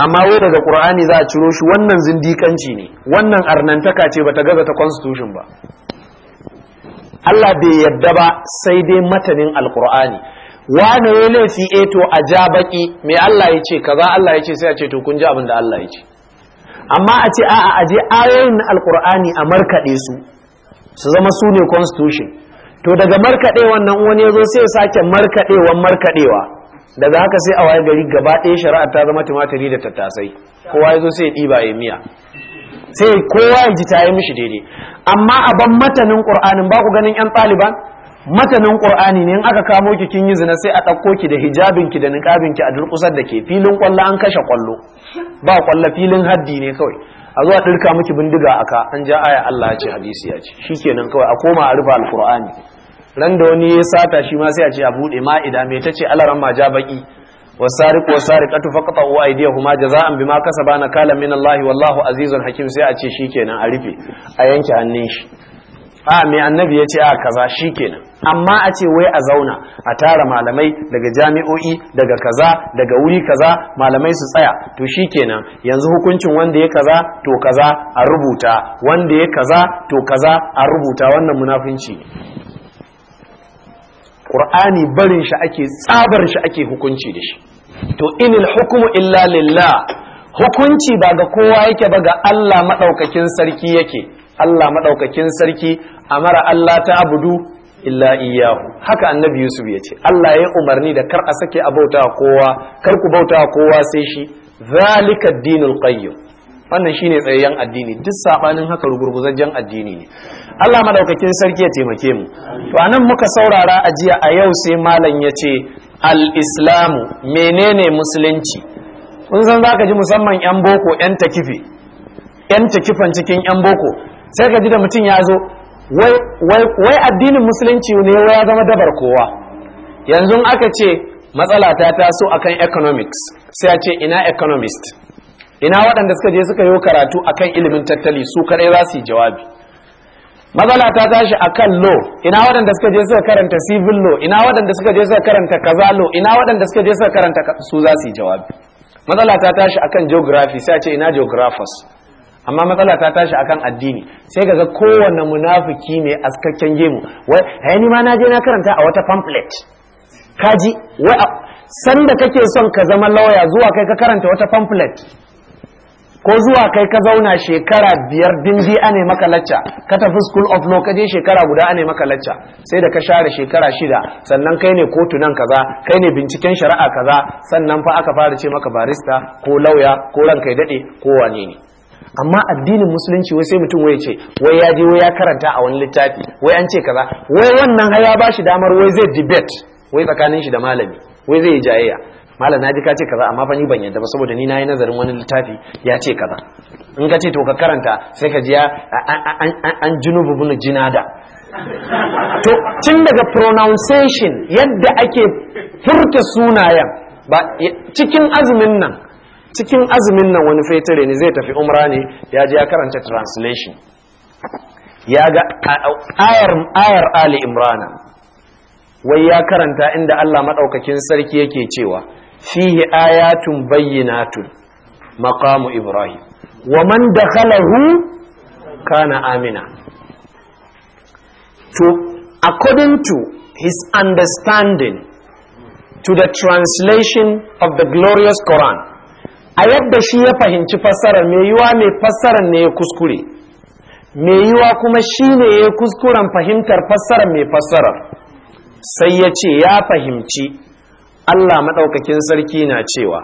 amma wai daga qur'ani za a ciro shi wannan zindikanci ne wannan arnantaka ce bata gaza ta constitution ba Allah bai yadda ba sai dai matanin alqur'ani wane ya laifi e to a ja baki mai Allah ya ce kaza Allah ya ce sai a ce to kun ji abin da Allah ya ce amma a ce a'a a je ayoyin na alkur'ani a markaɗe su su zama su ne constitution to daga markaɗe wannan wani ya zo sai ya sake markadewan markaɗewa daga haka sai a waye gari gaba ɗaya shari'a ta zama tumatiri da tattasai kowa ya zo sai ya ɗiba ya miya sai kowa ya ji ta yi mishi daidai amma a ban matanin ƙur'anin ba ku ganin 'yan ɗaliban matanin qur'ani ne in aka kamo ki kin yi zina sai a ɗauko ki da hijabin ki da niqabin ki a durƙusar da ke filin kwallo an kashe kwallo ba kwallo filin haddi ne kawai a zuwa ɗirka miki bindiga aka an ja aya Allah ce hadisi ya ce shi kenan kawai a koma a rufe alqur'ani ran da wani ya sata shi ma sai a ce a buɗe ma'ida ta ce alaran ma ja baki wasariqu wasariqatu faqta'u aydiyahuma jaza'an bima kasaba nakala min Allah wallahu azizun hakim sai a ce shikenan a rufe a yanke hannun shi a me annabi ya ce a kaza shikenan amma a ce wai a zauna a tara malamai daga jami'o'i daga kaza daga wuri kaza malamai su tsaya to shi kenan yanzu hukuncin wanda ya kaza to kaza a rubuta wanda ya kaza to kaza a rubuta wannan munafunci Qur'ani barin shi ake tsabar shi ake hukunci da shi to inil hukumu illa lillah hukunci ba ga kowa yake ba ga Allah madaukakin sarki yake Allah madaukakin sarki amara Allah ta abudu illa iyyahu haka annabi yusuf ya ce Allah ya umarni da kar a sake a bauta kowa kar ku bauta kowa sai shi zalika dinul qayyim wannan shine tsayayyen addini duk sabanin haka rugurguzajjen addini ne Allah madaukakin sarki ya taimake mu to anan muka saurara a jiya a yau sai malam ya ce al-islamu menene musulunci kun san zaka ji musamman yan boko yan takife yan takifan cikin yan boko sai ka ji da mutum ya zo wai addinin musulunci ne wai ya zama dabar kowa yanzu aka ce matsala ta taso akan economics sai a ce ina economist ina waɗanda suka je suka yi karatu akan ilimin tattali su kaɗai za su yi jawabi matsala ta tashi akan law ina waɗanda suka je suka karanta civil law ina waɗanda suka je suka karanta kaza law ina waɗanda suka je suka karanta su za su yi jawabi matsala ta tashi akan geography sai a ce ina geographers amma matsala ta tashi akan addini sai ga kowane munafuki ne askakken gemu wai ni ma na je na karanta a wata pamphlet kaji wai sanda kake son ka zama lauya zuwa kai ka karanta wata pamphlet ko zuwa kai ka zauna shekara biyar dindi ane maka lacca ka tafi school of law ka je shekara guda ane maka lacca sai da ka share shekara shida sannan kai ne kotu nan kaza kai ne binciken shari'a kaza sannan fa aka fara ce maka barista ko lauya ko ranka ya dade ko wane ne amma addinin musulunci wai sai mutum wai ce wai ya je wai ya karanta a wani littafi wai an ce kaza wai wannan ya ba shi damar wai zai debate wai tsakanin shi da malami wai zai yi jayayya malam na ji ka ce kaza amma fa ni ban yadda ba saboda ni nayi nazarin wani littafi ya ce kaza in ka ce to ka karanta sai ka ji an junubu bunu jinada to tun daga pronunciation yadda ake furta sunayen ba cikin azumin nan cikin azumin nan wani fetare ne zai tafi umra ne ya ji ya karanta translation ya ga ayar ayar ali imrana wai ya karanta inda Allah maɗaukakin sarki yake cewa fihi ayatun bayyinatun maqamu ibrahim wa man dakhalahu kana amina to according to his understanding to the translation of the glorious quran a yadda shi ya fahimci fassara, mai yiwa mai fassarar ne ya kuskure mai yiwa kuma shi ne ya kuskuren fahimtar fassarar mai fassarar sai ya ce ya fahimci allah maɗaukakin sarki na cewa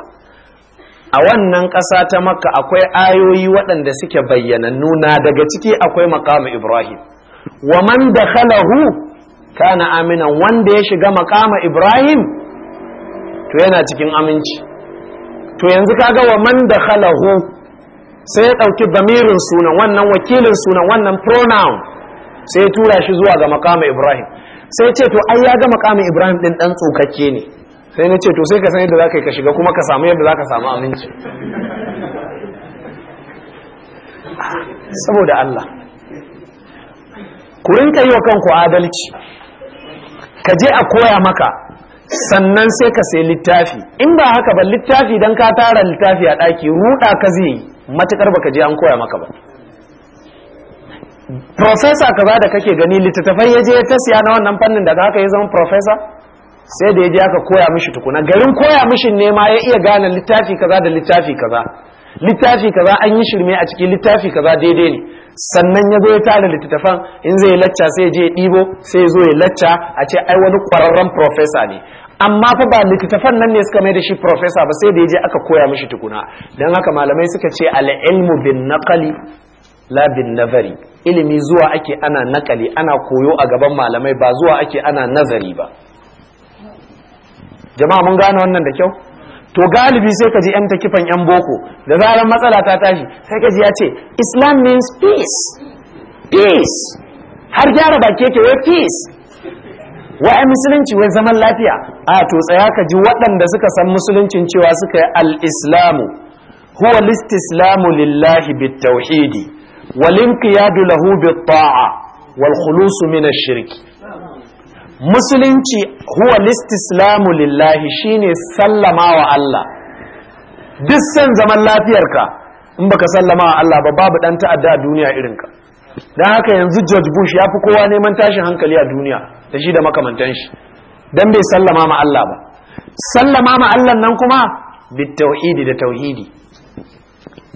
a wannan ƙasa ta makka akwai ayoyi waɗanda suke bayyana nuna, daga ciki akwai makamu ibrahim wa man da kana aminan wanda ya shiga makama ibrahim to yana cikin aminci to yanzu ka ga wa man da khalahu sai ya ɗauki damirin sunan wannan wakilin sunan wannan pronoun sai ya tura shi zuwa ga makamin ibrahim sai ce to ai ya ga makamin ibrahim ɗin ɗan tsokake ne sai na ce to sai ka san yadda za ka yi ka shiga kuma ka samu yadda za ka samu aminci saboda allah ku rinka yi wa kanku adalci ka je a koya maka sannan sai ka sai littafi in ba haka ba littafi dan ka tara littafi a ɗaki ruɗa ka zai yi matukar baka je an koya maka ba profesa kaza da kake gani littattafai ya je ta siya na wannan fannin da daga haka ya zama profesa sai da ya je aka koya mishi tukuna garin koya mishi ne ma ya iya gane littafi kaza da littafi kaza littafi kaza an yi shirme a cikin littafi kaza daidai ne sannan ya zo ya tara littattafan in zai lacca sai je ɗibo sai zo ya lacca a ce ai wani ƙwararren profesa ne amma fa ba littattafan nan ne suka mai da shi profesa ba sai da ya je aka koya mishi tukuna don haka malamai suka ce al'ilmu bin naqali la bin nazari ilimi zuwa ake ana naƙali ana koyo a gaban malamai ba zuwa ake ana nazari ba jama'a mun gane wannan da kyau to galibi sai ka ji yan ta kifan yan boko da zarar matsala ta tashi sai ka ji ya ce islam means peace peace har gyara baki yake wai peace wa'ai musulunci wai zaman lafiya a to tsaya ka ji waɗanda suka san musuluncin cewa suka yi al-islamu huwa listislamu lillahi bit-tauhidi wal inqiyadu lahu bit-ta'a wal khulusu min ash-shirki musulunci huwa listislamu lillahi shine sallama wa Allah duk san zaman lafiyarka in baka sallama wa Allah ba babu dan ta'adda a duniya irin ka. don haka yanzu George Bush ya fi kowa neman tashin hankali a duniya da shi da makamantan shi dan bai sallama ma Allah ba sallama ma Allah nan kuma tauhidi da tauhidi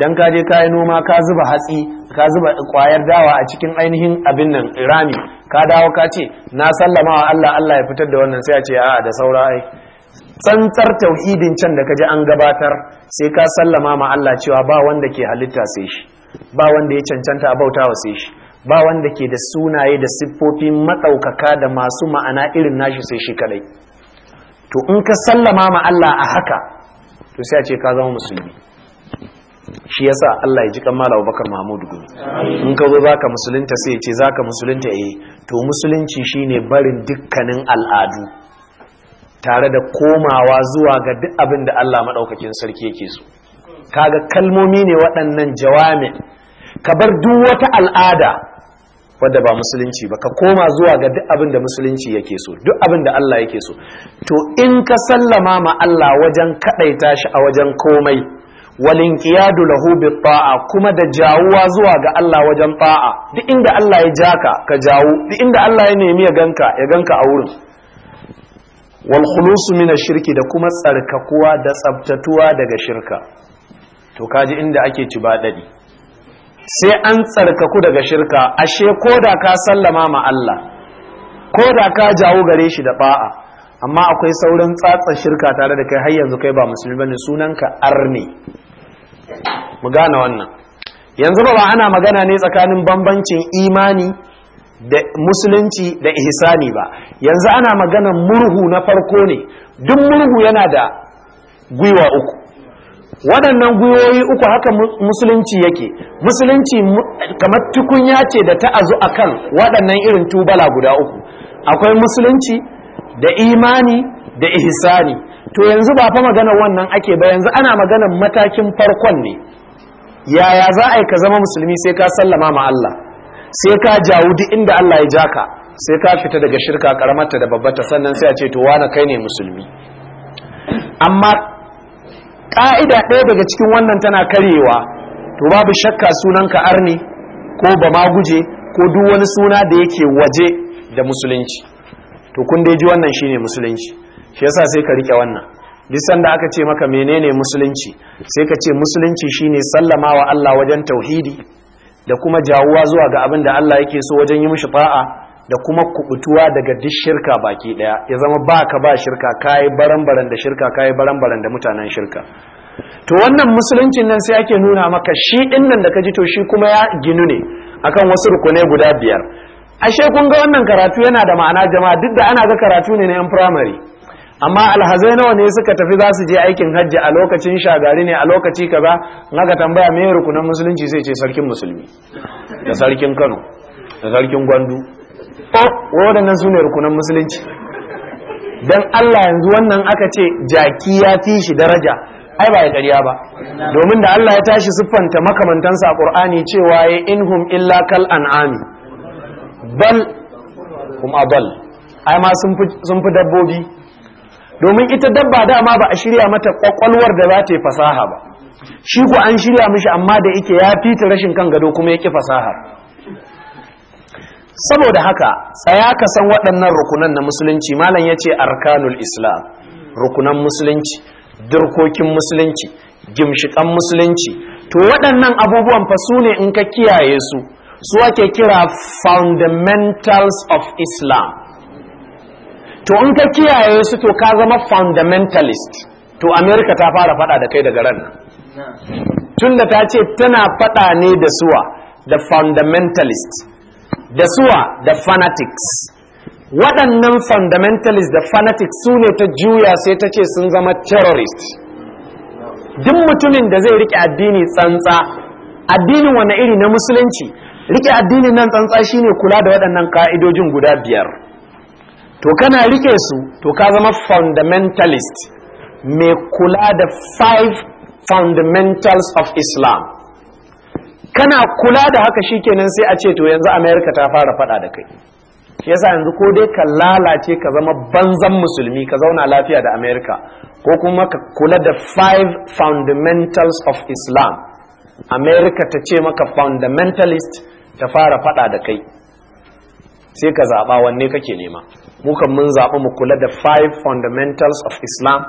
dan ka je ka yi noma ka zuba hatsi ka zuba kwayar dawa a cikin ainihin abin nan Irami ka dawo ka ce na sallama wa Allah Allah ya fitar da wannan sai a ce a'a da saura ai tsantsar tauhidin can da kaje an gabatar sai ka sallama ma Allah cewa ba wanda ke halitta sai shi ba wanda ya cancanta bautawa sai shi ba wanda ke da sunaye da siffofi matsaukaka da masu ma'ana irin nashi sai shi kadai to in ka sallama ma Allah a haka to sai a ce ka zama musulmi shi yasa Allah ya ji kan Abubakar Mahmud Gumi in ka zo zaka musulunta sai ya ce zaka musulunta eh to musulunci shine barin dukkanin al'adu tare da komawa zuwa ga duk abin da Allah madaukakin sarki yake so kaga kalmomi ne waɗannan jawami ka bar duk wata al'ada wadda ba musulunci ba ka koma zuwa ga duk abin da musulunci yake so duk abin da Allah yake so to in ka sallama ma Allah wajen kadaita shi a wajen komai walinqiyadu lahu baa kuma da jawuwa zuwa ga Allah wajen ta'a duk inda Allah ya jaka ka jawu duk inda Allah ya nemi ya ganka ya ganka a wurin wal khulusu min shirki da kuma tsarkakuwa da tsabtatuwa daga shirka to kaji inda ake ci ba dadi sai an tsarkaku daga shirka ashe koda ka sallama ma Allah koda ka jawo gare shi da ba'a amma akwai sauran tsatsa shirka tare da kai har yanzu kai ba musulmi bane sunanka arne mu gane wannan yanzu ba ana magana ne tsakanin bambancin imani da musulunci da ihsani ba yanzu ana magana murhu na farko ne duk murhu yana da gwiwa uku waɗannan gwiwoyi uku haka musulunci yake musulunci kamar tukunya ce da ta azu kan waɗannan irin tubala guda uku akwai musulunci da imani da ihsani to yanzu ba fa magana wannan ake ba yanzu ana maganar matakin farkon ne yaya za a yi ka zama musulmi sai ka sallama ma Allah sai ka jawo duk inda Allah ya jaka sai ka fita daga shirka karamarta da babbata sannan sai a ce to wani kai ne musulmi amma ka'ida ɗaya daga cikin wannan tana karyewa to babu shakka sunan ka arni ko ba ma guje ko duk wani suna da yake waje da musulunci to kun dai ji wannan shine musulunci shi yasa sai ka rike wannan duk sanda aka ce maka menene musulunci sai ka ce musulunci shine sallama wa Allah wajen tauhidi da kuma jawuwa zuwa ga abin da Allah yake so wajen yi mishi fa'a da kuma kubutuwa daga duk shirka baki daya ya zama baka ba shirka kai baran-baran da shirka kai baran-baran da mutanen shirka to wannan musuluncin nan sai ake nuna maka shi din da ka ji to shi kuma ya ginu ne akan wasu rukunai guda biyar ashe kun ga wannan karatu yana da ma'ana jama'a duk da ana ga karatu ne na yan firamare amma alhazai nawa ne suka tafi za su je aikin hajji a lokacin shagari ne a lokaci kaza in tambaya me rukunan musulunci sai ce sarkin musulmi da sarkin Kano da sarkin Gwandu oh waɗannan su ne rukunan musulunci Don Allah yanzu wannan aka ce jaki ya fi shi daraja ai ba ya ƙarya ba domin da Allah ya tashi siffanta makamantansa a Qur'ani cewa ya inhum illa kal an'ami bal kuma bal. ai ma sun fi dabbobi domin ita dabba dama ba a shirya mata kwakwalwar da za ta yi fasaha ba shi ku an shirya mishi amma da yake ya ta rashin kan gado kuma ya ki fasaha saboda haka tsaya ka san waɗannan rukunan na musulunci malam ya ce arkanul islam rukunan musulunci dirkokin musulunci gimshikan musulunci to waɗannan abubuwan fa su ne in ka kiyaye su su ake kira fundamentals of islam to in ka kiyaye su to ka zama fundamentalist to america ta fara fada da kai daga ran tunda ta ce tana fada ne da suwa da fundamentalist da suwa da fanatics waɗannan fundamentalist da fanatics su ne ta juya sai ta ce sun zama terrorist duk mutumin da zai rike addini tsantsa addinin wani iri na musulunci rike addinin nan tsantsa shine kula da waɗannan ka'idojin guda biyar to kana rike su to ka zama fundamentalist mai kula da five fundamentals of islam kana kula da haka shikenan sai a ce to yanzu Amerika ta fara fada da kai yasa yanzu ko dai ka lalace ka zama banzan musulmi ka zauna lafiya da america ko kuma ka kula da five fundamentals of islam Amerika ta ce maka fundamentalist ta fara fada da kai sai ka zaɓa wanne kake nema mukan mun zaɓa mu kula da five fundamentals of islam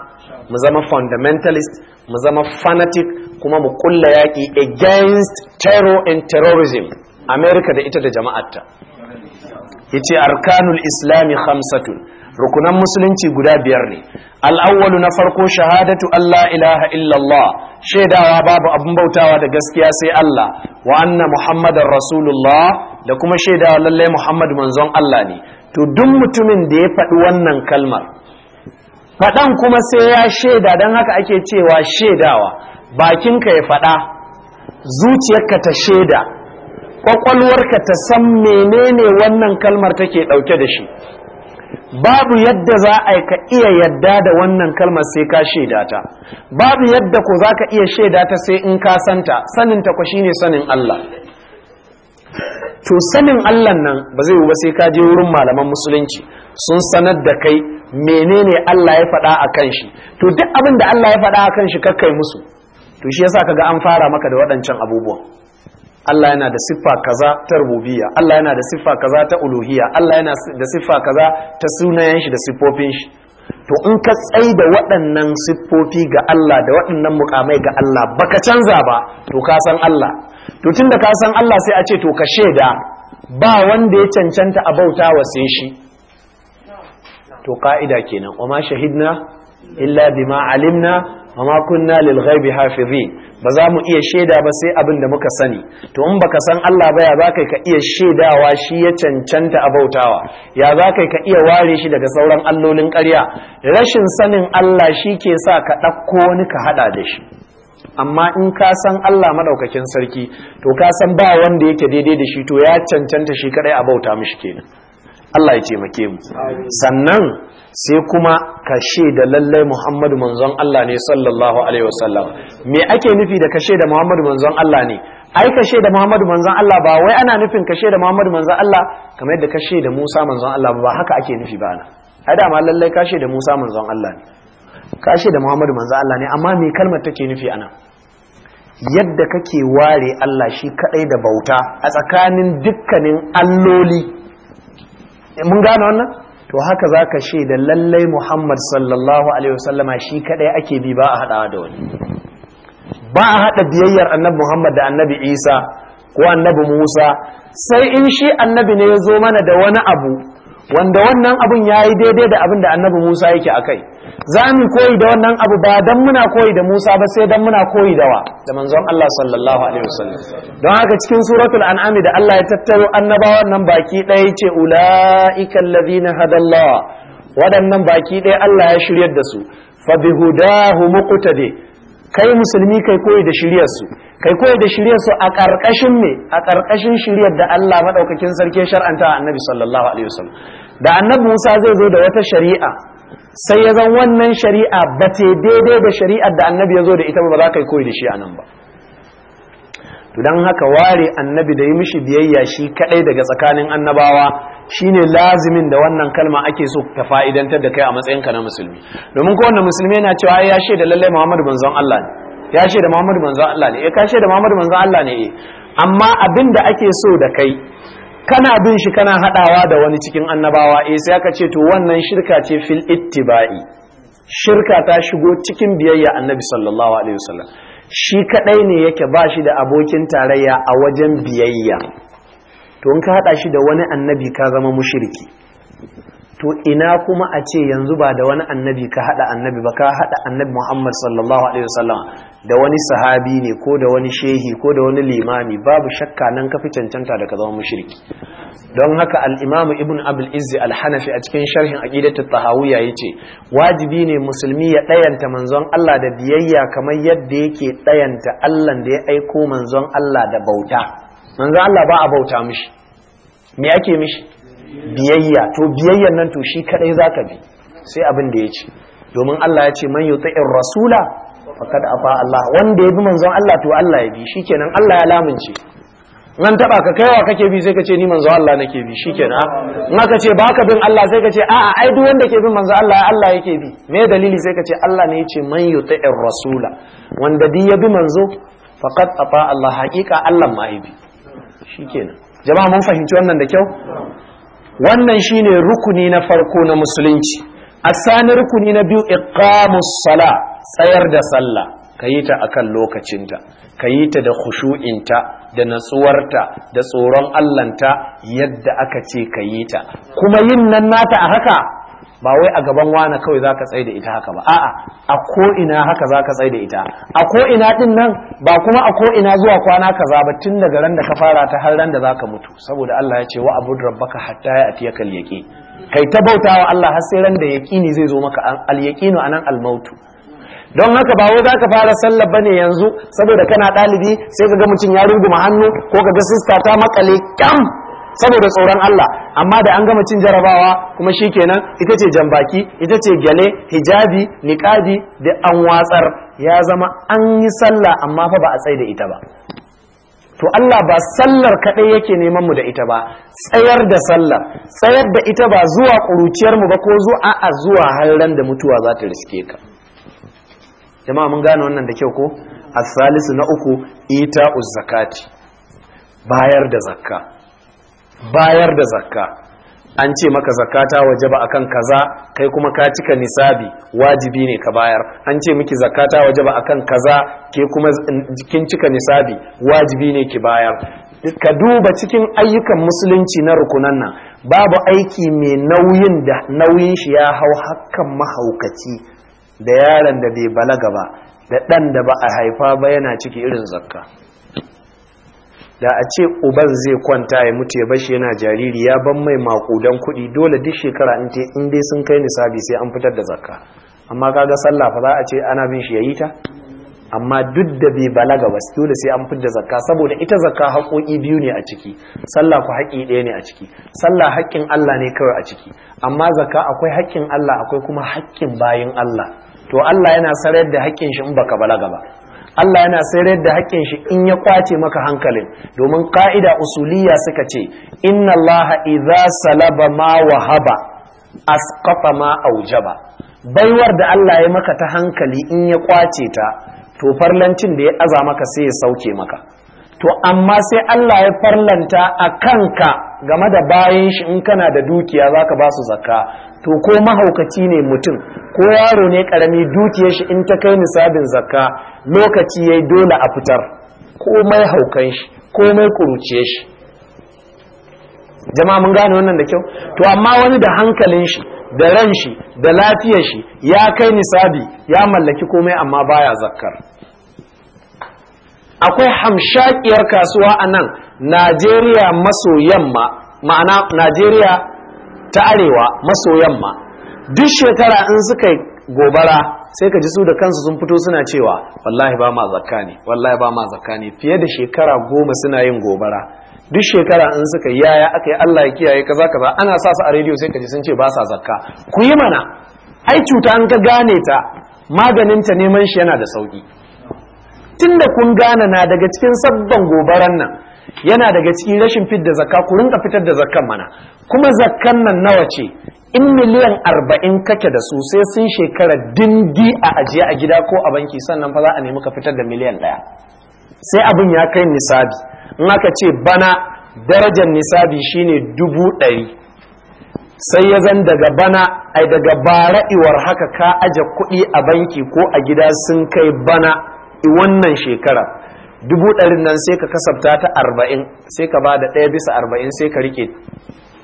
mu zama fundamentalist mu zama fanatic kuma mu kulla yaƙi against terror and terrorism america da ita da jama'arta ita arkanul islami khamsatun rukunan musulunci guda biyar ne al'awwalu na farko shahadatu Allah ilaha illallah shaidawa babu abin bautawa da gaskiya sai Allah wa anna muhammadar rasulullah da kuma shaidawa lallai muhammadu manzon Allah ne to duk mutumin da ya faɗi wannan kalmar faɗan kuma sai ya shaida don haka ake cewa shaidawa bakinka ya faɗa zuciyarka ta shaida Ƙwaƙwalwarka ta san menene wannan kalmar take ɗauke da shi babu yadda za a ka iya yadda da wannan kalmar sai ka shaida ta babu yadda ko za ka iya shaida ta sai in ka santa sanin ta ko shine sanin Allah to sanin Allah nan ba zai ba sai ka je wurin malaman musulunci sun sanar da kai menene Allah ya faɗa a kan shi to duk abin da Allah ya faɗa a kan shi kakkai musu to shi yasa kaga an fara maka da waɗancan abubuwan Allah yana da siffa kaza ta rububiyya Allah yana da siffa kaza ta uluhiyya Allah yana da siffa kaza ta sunayen shi da siffofin shi to in ka tsai da waɗannan siffofi ga Allah da waɗannan mukamai ga Allah baka canza ba to ka san Allah to tunda ka san Allah sai a ce to ka shaida ba wanda ya cancanta a bauta wa sai shi to ka'ida kenan wa ma shahidna illa bima alimna wa ma kunna lil ghaibi hafizin ba za mu iya shaida ba sai abin da muka sani to in baka san Allah ba ya zaka ka iya shaidawa shi ya cancanta a bautawa ya zaka ka iya ware shi daga sauran allolin ƙarya rashin sanin Allah shi ke sa ka ɗauko wani ka haɗa da shi amma in ka san Allah madaukakin sarki to ka san ba wanda yake daidai da shi to ya cancanta shi kaɗai a bauta mishi kenan Allah ya taimake mu sannan sai kuma kashe da lallai Muhammadu manzon Allah ne sallallahu alaihi wasallam me ake nufi da kashe da Muhammadu manzon Allah ne ai kashe da Muhammadu manzon Allah ba wai ana nufin kashe da Muhammadu manzon Allah kamar yadda kashe da Musa manzon Allah ba haka ake nufi ba na ai da ma lallai kashe da Musa manzon Allah ne kashe da Muhammadu manzon Allah ne amma me kalmar take nufi ana yadda kake ware Allah shi kadai da bauta a tsakanin dukkanin alloli mun gane wannan to haka za ka shaida lallai muhammad sallallahu alaihi wasallama shi kadai ake bi ba a haɗawa da wani ba a haɗa biyayyar annabi muhammad da annabi isa ko annabi musa sai in shi annabi ne ya zo mana da wani abu wanda wannan abun ya yi daidai da abin da annabi Musa yake a kai za mu koyi da wannan abu ba don muna koyi da Musa ba sai don muna koyi da wa da manzon Allah sallallahu alaihi wasallam don haka cikin suratul an'ami da Allah ya tattaro annabawan nan baki ɗaya ce ula'ika alladhina hadallawa waɗannan baki ɗaya Allah ya shiryar da su fa bihudahu muqtadi kai musulmi kai koyi da shiryar su kai koyi da shiryar su a ƙarƙashin me a ƙarƙashin shiryar da Allah madaukakin sarki shar'anta annabi sallallahu alaihi wasallam da annabi Musa zai zo da wata shari'a sai ya zan wannan shari'a ba ta daidai da shari'ar da annabi ya zo da ita ba za ka yi koyi da shi a nan ba to don haka ware annabi da yi mishi biyayya shi kadai daga tsakanin annabawa shine lazimin da wannan kalma ake so ta fa'idantar da kai a matsayinka na musulmi domin ko wanda musulmi yana cewa ya da lallai Muhammadu manzon Allah ne ya da Muhammadu manzon Allah ne eh ka da Muhammadu manzon Allah ne eh amma abin da ake so da kai kana bin shi kana hadawa da wani cikin annabawa eh sai aka ce to wannan shirka ce fil ittiba'i shirka ta shigo cikin biyayya annabi sallallahu alaihi wasallam shi kadai ne yake ba shi da abokin tarayya a wajen biyayya to in ka hada shi da wani annabi ka zama mushriki to ina kuma a ce yanzu ba da wani annabi ka hada annabi ba ka hada annabi Muhammad sallallahu alaihi wasallam da wani sahabi ne ko da wani shehi ko da wani limami babu shakka nan ka fi cancanta da ka zama mushriki don haka al-Imam Ibn Abdul Izz al-Hanafi a cikin sharhin aqidat at-Tahawiyya yace wajibi ne musulmi ya dayanta manzon Allah da biyayya kamar yadda yake dayanta Allah da ya aiko manzon Allah da bauta manzo Allah ba a bauta mishi me ake mishi biyayya to biyayyan nan to shi kadai zaka bi sai abin da ya ce domin Allah ya ce man yuti'ir rasula faqad afa Allah wanda ya bi manzon Allah to Allah ya bi shikenan Allah ya lamunce nan taba ka kaiwa kake bi sai ka ce ni manzon Allah nake bi shikenan ah. in aka ce ba ka bin Allah sai ka ce a a ai duk wanda ke bin manzon Allah Allah yake bi me dalili sai ka ce Allah ne ya ce man yuti'ir rasula wanda duk ya bi manzo faqad afa Allah hakika Allah ma ya bi shikenan jama'a mun fahimci wannan da kyau wannan shine rukuni na farko na musulunci a sani rukuni na biyu iqamus sala tsayar da sallah kayi ta akan lokacinta kayi ta da khushu'inta da natsuwarta da tsoron allanta yadda aka ce kayi ta kuma yin nan nata a haka ba wai a gaban wani kawai za ka tsaye da ita haka ba a'a a ko'ina haka za ka tsaye da ita a ko'ina din nan ba kuma a ko'ina zuwa kwana kaza ba tun daga ran da ka fara ta har ran da za ka mutu saboda Allah ya ce wa abu rabbaka hatta ya atiya kal yaqin kai ta bautawa Allah har sai ran da yaqini zai zo maka al yaqinu anan al mautu don haka ba wai zaka fara sallar bane yanzu saboda kana dalibi sai ka ga mutum ya runguma hannu ko ka ga sista ta makale kyam saboda tsoron Allah amma da an gama cin jarabawa kuma shi kenan ita ce jambaki ita ce gyale hijabi niqabi da an watsar ya zama an yi sallah amma fa ba a tsaye da ita ba to Allah ba sallar kaɗai yake neman mu da ita ba tsayar da sallar tsayar da ita ba zuwa ƙuruciyar mu ba ko zuwa a zuwa halran da mutuwa za ta riske ka jama'a mun gane wannan da kyau ko as-salisu na uku ita uz zakati bayar da zakka bayar da zakka an ce maka zakka ta wajaba akan kaza kai kuma ka cika nisabi wajibi ne ka bayar an ce miki zakka ta wajaba akan kaza ke kuma kin cika nisabi wajibi ne ki bayar ka duba cikin ayyukan musulunci na rukunan nan babu aiki mai nauyin da nauyin shi ya hau hakan mahaukaci da yaron da bai balaga ba da ɗan da ba a haifa ba yana ciki irin zakka da a ce uban zai kwanta ya mutu ya bashi yana jariri ya ban mai makudan kuɗi dole duk shekara in te in dai sun kai nisabi sai an fitar da zakka amma kaga sallah fa za a ce ana bin shi yayi ta amma duk da bai balaga ba dole sai an fitar da zakka saboda ita zakka haƙoƙi biyu ne a ciki sallah ku haƙi ɗaya ne a ciki sallah haƙƙin Allah ne kawai a ciki amma zakka akwai haƙƙin Allah akwai kuma haƙƙin bayin Allah to Allah yana sarar da haƙƙin shi in baka balaga ba Allah yana sayar da haƙƙin shi in ya kwace maka hankalin domin ka'ida usuliya suka ce inna Allah idza salaba ma wahaba asqata ma aujaba baiwar da Allah ya maka ta hankali in ya kwace ta to farlancin da ya aza maka sai ya sauke maka to amma sai Allah ya farlanta a kanka game da bayan shi in kana da dukiya za ka ba su zakka to ko mahaukaci ne mutum ko yaro ne karami dukiyar shi in ta kai nisabin zakka lokaci ya yi dole a fitar komai haukan shi komai kuruciye shi jama'a mun gane wannan da kyau to amma wani da hankalin shi da ran shi da lafiyar shi ya kai nisabi ya mallaki komai amma baya zakkar akwai hamshakiyar kasuwa a nan najeriya maso yamma ma'ana najeriya ta arewa maso yamma duk shekara in suka gobara sai ka ji su da kansu sun fito suna cewa wallahi ba ma zakka wallahi ba ma zakka fiye da shekara goma suna yin gobara duk shekara in suka yaya aka yi Allah ya kiyaye kaza kaza ana sa su a rediyo sai ka ji sun ce ba sa zakka ku yi mana ai cuta an ka gane ta maganinta neman shi yana da sauki tunda kun gane na daga cikin sabban gobaran nan yana daga cikin rashin fidda zakka ku rinka fitar da zakkan mana kuma zakkan nan nawa ce in miliyan arba'in kake da su sai sun shekara dingi a ajiye a gida ko a banki sannan fa za a nemi ka fitar da miliyan ɗaya sai abin ya kai nisabi in aka ce bana darajar nisabi shine dubu ɗari sai ya zan daga bana ai daga bara haka ka aje kuɗi a banki ko a gida sun kai bana wannan shekara dubu ɗarin nan sai ka kasabta ta arba'in sai ka ba da ɗaya bisa arba'in sai ka rike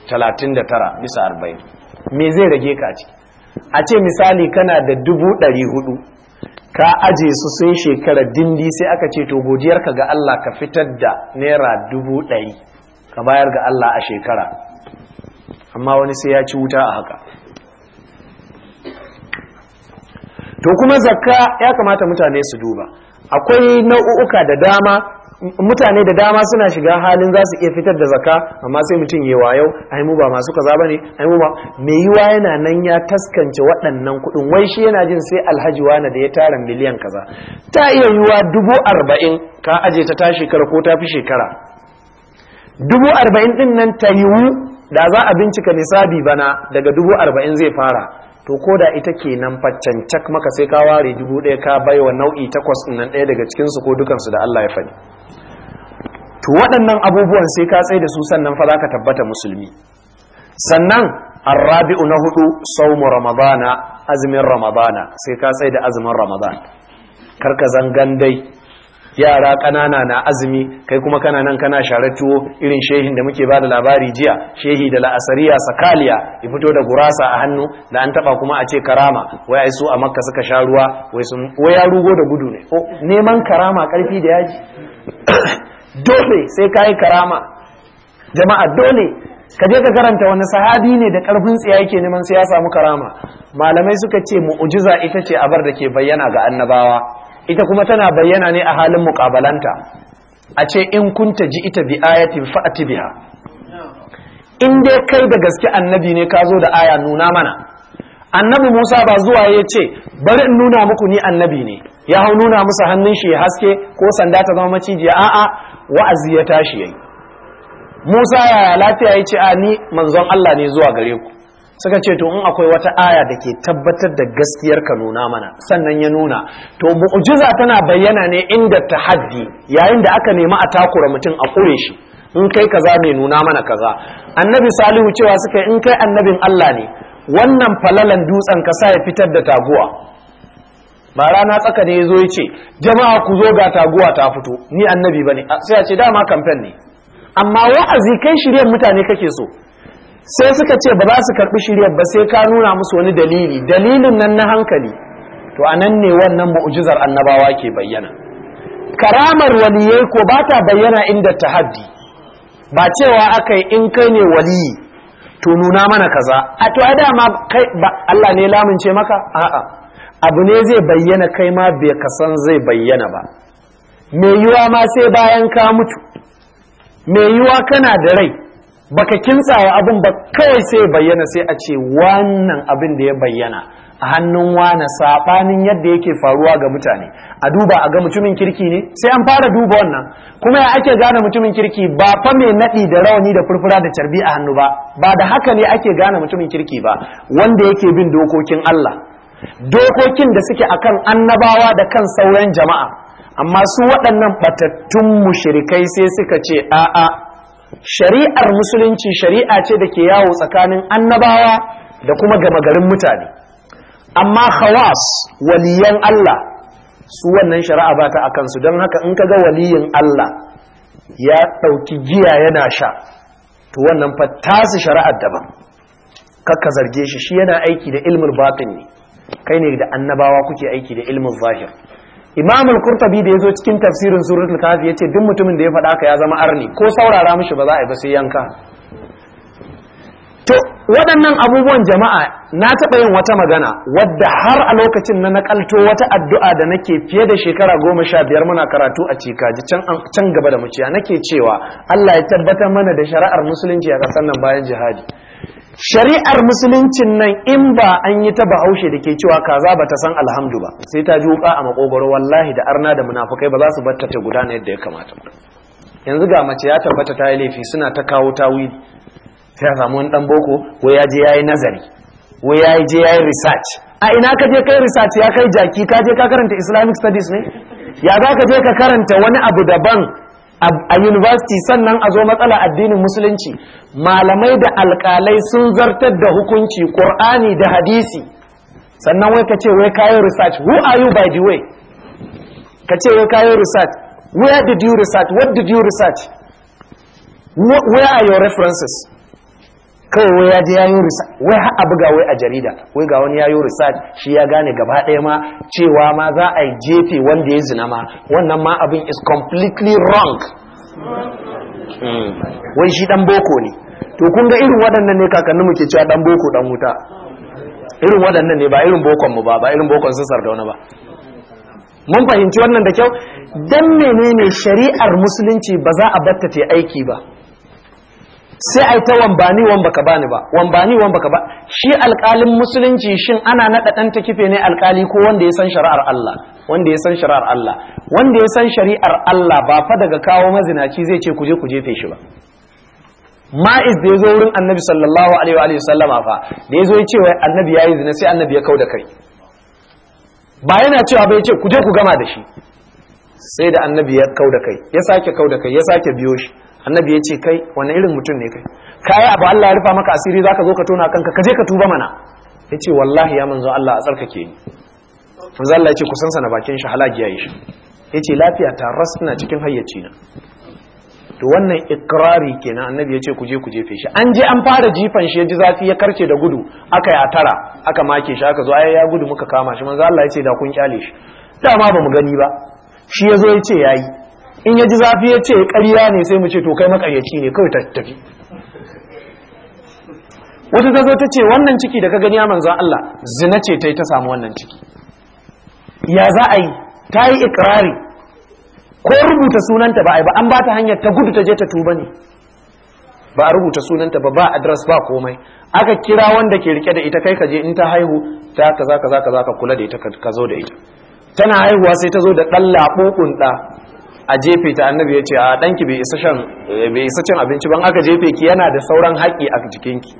talatin da tara bisa arba'in me zai rage ka a a ce misali kana da dubu ɗari hudu ka aje su sai shekara dindi sai aka ce to ka ga Allah ka fitar da naira dubu ɗari ka bayar ga Allah a shekara amma wani sai ya ci wuta a haka to kuma zakka ya kamata mutane su duba akwai nau'uka da dama mutane da dama suna shiga halin za su iya fitar da zaka amma sai mutum yi yau ai mu ba masu kaza bane ai mu ba me yiwa yana nan ya taskance waɗannan kuɗin wai shi yana jin sai alhaji na da ya tara miliyan kaza ta iya yiwa dubu arba'in ka aje ta ta shekara ko ta fi shekara dubu arba'in ɗin nan ta yiwu da za a bincika nisabi bana daga dubu arba'in zai fara to ko da ita ke kenan faccancak maka sai ka ware dubu ɗaya ka baiwa nau'i takwas nan ɗaya daga cikinsu ko dukansu da Allah ya faɗi to waɗannan abubuwan sai ka tsaye da su sannan fa za ka tabbata musulmi sannan arrabi'u na hudu saumu ramadana azumin ramadana sai ka tsaye da azumin ramadana karka zangan dai yara kanana na azumi kai kuma kana nan kana share tuwo irin shehin da muke ba da labari jiya shehi da la'asariya sakaliya ya fito da gurasa a hannu da an taba kuma a ce karama wai ai su a makka suka sha ruwa wai sun wai ya rugo da gudu ne oh, neman karama karfi da yaji (coughs) dole sai kai karama jama'a dole ka je ka karanta wani sahabi ne da karfin tsiya yake neman sai ya samu karama malamai suka ce mu'ujiza ita ce abar da ke bayyana ga annabawa ita kuma tana bayyana ne a halin mukabalanta a ce in kunta ji ita bi ayatin fa'ati biha in dai kai da gaske annabi ne ka zo da aya nuna mana annabi musa ba zuwa ya ce bari in nuna muku ni annabi ne ya hau nuna musu hannun shi ya haske ko sanda ta zama macijiya a'a wa'azi ya tashi yayi musa ya lafiya ya ce a ni manzon allah ne zuwa gare ku suka ce to in akwai wata aya da ke tabbatar da gaskiyar ka nuna mana sannan ya nuna to mu'jiza tana bayyana ne inda ta haddi yayin da aka nemi a takura mutum a kure shi in kai kaza mai nuna mana kaza annabi salihu cewa suka in kai annabin Allah ne wannan falalan dutsen ka sa ya fitar da taguwa ba rana tsaka ne ya zo ya ce jama'a ku zo ga taguwa ta fito ni annabi bane sai ya ce dama kamfen ne amma wa'azi kai shiryar mutane kake so sai suka ce ba za su karɓi shiryar ba sai ka nuna musu wani dalili dalilin nan na hankali to a nan ne wannan mu'ujizar annabawa ke bayyana karamar waliyai ko ba ta bayyana inda ta haddi. ba cewa aka yi in kai ne waliyi to nuna mana kaza a to ya dama kai ba Allah ne lamince maka a'a abu ne zai bayyana kai ma bai kasan zai bayyana ba mai yiwa ma sai bayan ka mutu mai yiwa kana da rai baka kintsaya abin ba kawai sai bayyana sai a ce wannan abin da ya bayyana a hannun wane saɓanin yadda yake faruwa ga mutane a duba a ga mutumin kirki ne sai an fara duba wannan kuma ya ake gane mutumin kirki ba fa mai naɗi da rawani da furfura da carbi a hannu ba ba da haka ne ake gane mutumin kirki ba wanda yake bin dokokin Allah dokokin da suke akan annabawa da kan sauran jama'a amma su waɗannan batattun mushrikai sai suka ce a'a shari'ar musulunci shari'a ce da ke yawo tsakanin annabawa da kuma gama garin mutane amma khawas waliyan Allah su wannan shari'a ba ta akan su don haka in ka ga waliyin Allah ya ɗauki giya yana sha to wannan fa su shari'ar daban kakka zarge shi shi yana aiki da ilmin batin ne kai ne da annabawa kuke aiki da ilmin zahir imam al-qurtubi da yazo cikin tafsirin suratul kafi yace duk mutumin da ya faɗa haka ya zama arni ko saurara mishi ba za a yi ba sai yanka to waɗannan abubuwan jama'a na taɓa yin wata magana wadda har a lokacin na nakalto wata addu'a da nake fiye da shekara goma sha biyar muna karatu a cikaji can gaba da muciya nake cewa Allah ya tabbatar mana da shari'ar musulunci a ƙasar nan bayan jihadi shari'ar musuluncin nan in ba an yi ta bahaushe da ke cewa kaza ba ta san alhamdu ba sai ta ji wuka a makogoro wallahi da arna da munafukai ba za su batta ta gudana yadda ya kamata yanzu ga mace ya tabbata ta yi laifi suna ta kawo tawili sai ya samu wani dan boko ko ya je yi nazari ko ya je yi research a ina ka je kai research ya kai jaki ka je ka karanta islamic studies ne ya za ka je ka karanta wani abu daban a university sannan a zo matsala addinin musulunci malamai da alkalai sun zartar da hukunci qur'ani da hadisi sannan wai ka ce wai kayan research who are you by the way ka ce wai kayan research where did you research what did you research where are your references kawai wai ya je yi research wai har abu ga wai a jarida wai ga wani ya yi risa shi ya gane gaba ɗaya ma cewa ma za a yi jefe wanda ya zina ma wannan ma abin is completely wrong hmm. wai shi dan boko ne to kun ga irin waɗannan ne kakannin mu ke cewa dan boko dan wuta irin waɗannan ne ba irin bokon mu ba ba irin bokon sun sardauna ba mun fahimci wannan da kyau dan menene shari'ar musulunci ba za a batta aiki ba sai ai ta wambani wan baka bani ba wambani wan baka ba shi alƙalin musulunci shin ana naɗa ɗan ta kife ne alƙali ko wanda ya san shari'ar Allah wanda ya san shari'ar Allah wanda ya san shari'ar Allah ba fa daga kawo mazinaci zai ce kuje ku jefe shi ba ma'iz da ya zo wurin annabi sallallahu alaihi wa sallama fa da ya zo ya ce wai annabi ya yi zina sai annabi ya kau da kai ba yana cewa ba ya ce ku je ku gama da shi sai da annabi ya kau da kai ya sake kau da kai ya sake biyo shi annabi ya ce kai wani irin mutum ne kai yi abu Allah ya rufa maka asiri za ka zo ka tona kanka ka je ka tuba mana ya ce wallahi ya manzo Allah a tsarkake ni manzo Allah ya ce kusan sana bakin shi halaji ya yi shi ya ce lafiya ta rasna cikin hayyaci na to wannan ikirari kenan annabi ya ce ku je ku jefe shi an je an fara jifan shi ya ji zafi ya karce da gudu aka yi tara aka make shi aka zo ai ya gudu muka kama shi manzo Allah ya ce da kun kyale shi dama ba mu gani ba shi ya zo ya ce yayi in ya ji zafi ya ce ƙarya ne sai mu ce to kai makaryaci ne kawai ta tafi wata ta zo ta ce wannan ciki da ka gani ya manzan Allah zina ce ta yi ta samu wannan ciki ya za a yi ta yi ikirari ko rubuta sunanta ba a yi ba an ba ta hanyar ta gudu ta je ta tuba ne ba a rubuta sunanta ba ba adres ba komai aka kira wanda ke rike da ita kai ka je in ta haihu ta kaza kaza kaza ka kula da ita ka zo da ita tana haihuwa sai ta zo da ɗan laɓoɓun ɗa a jefe ta annabi ya ce a ɗanki bai isa eh, cin abinci ban aka jefe ki yana da sauran haƙi a jikinki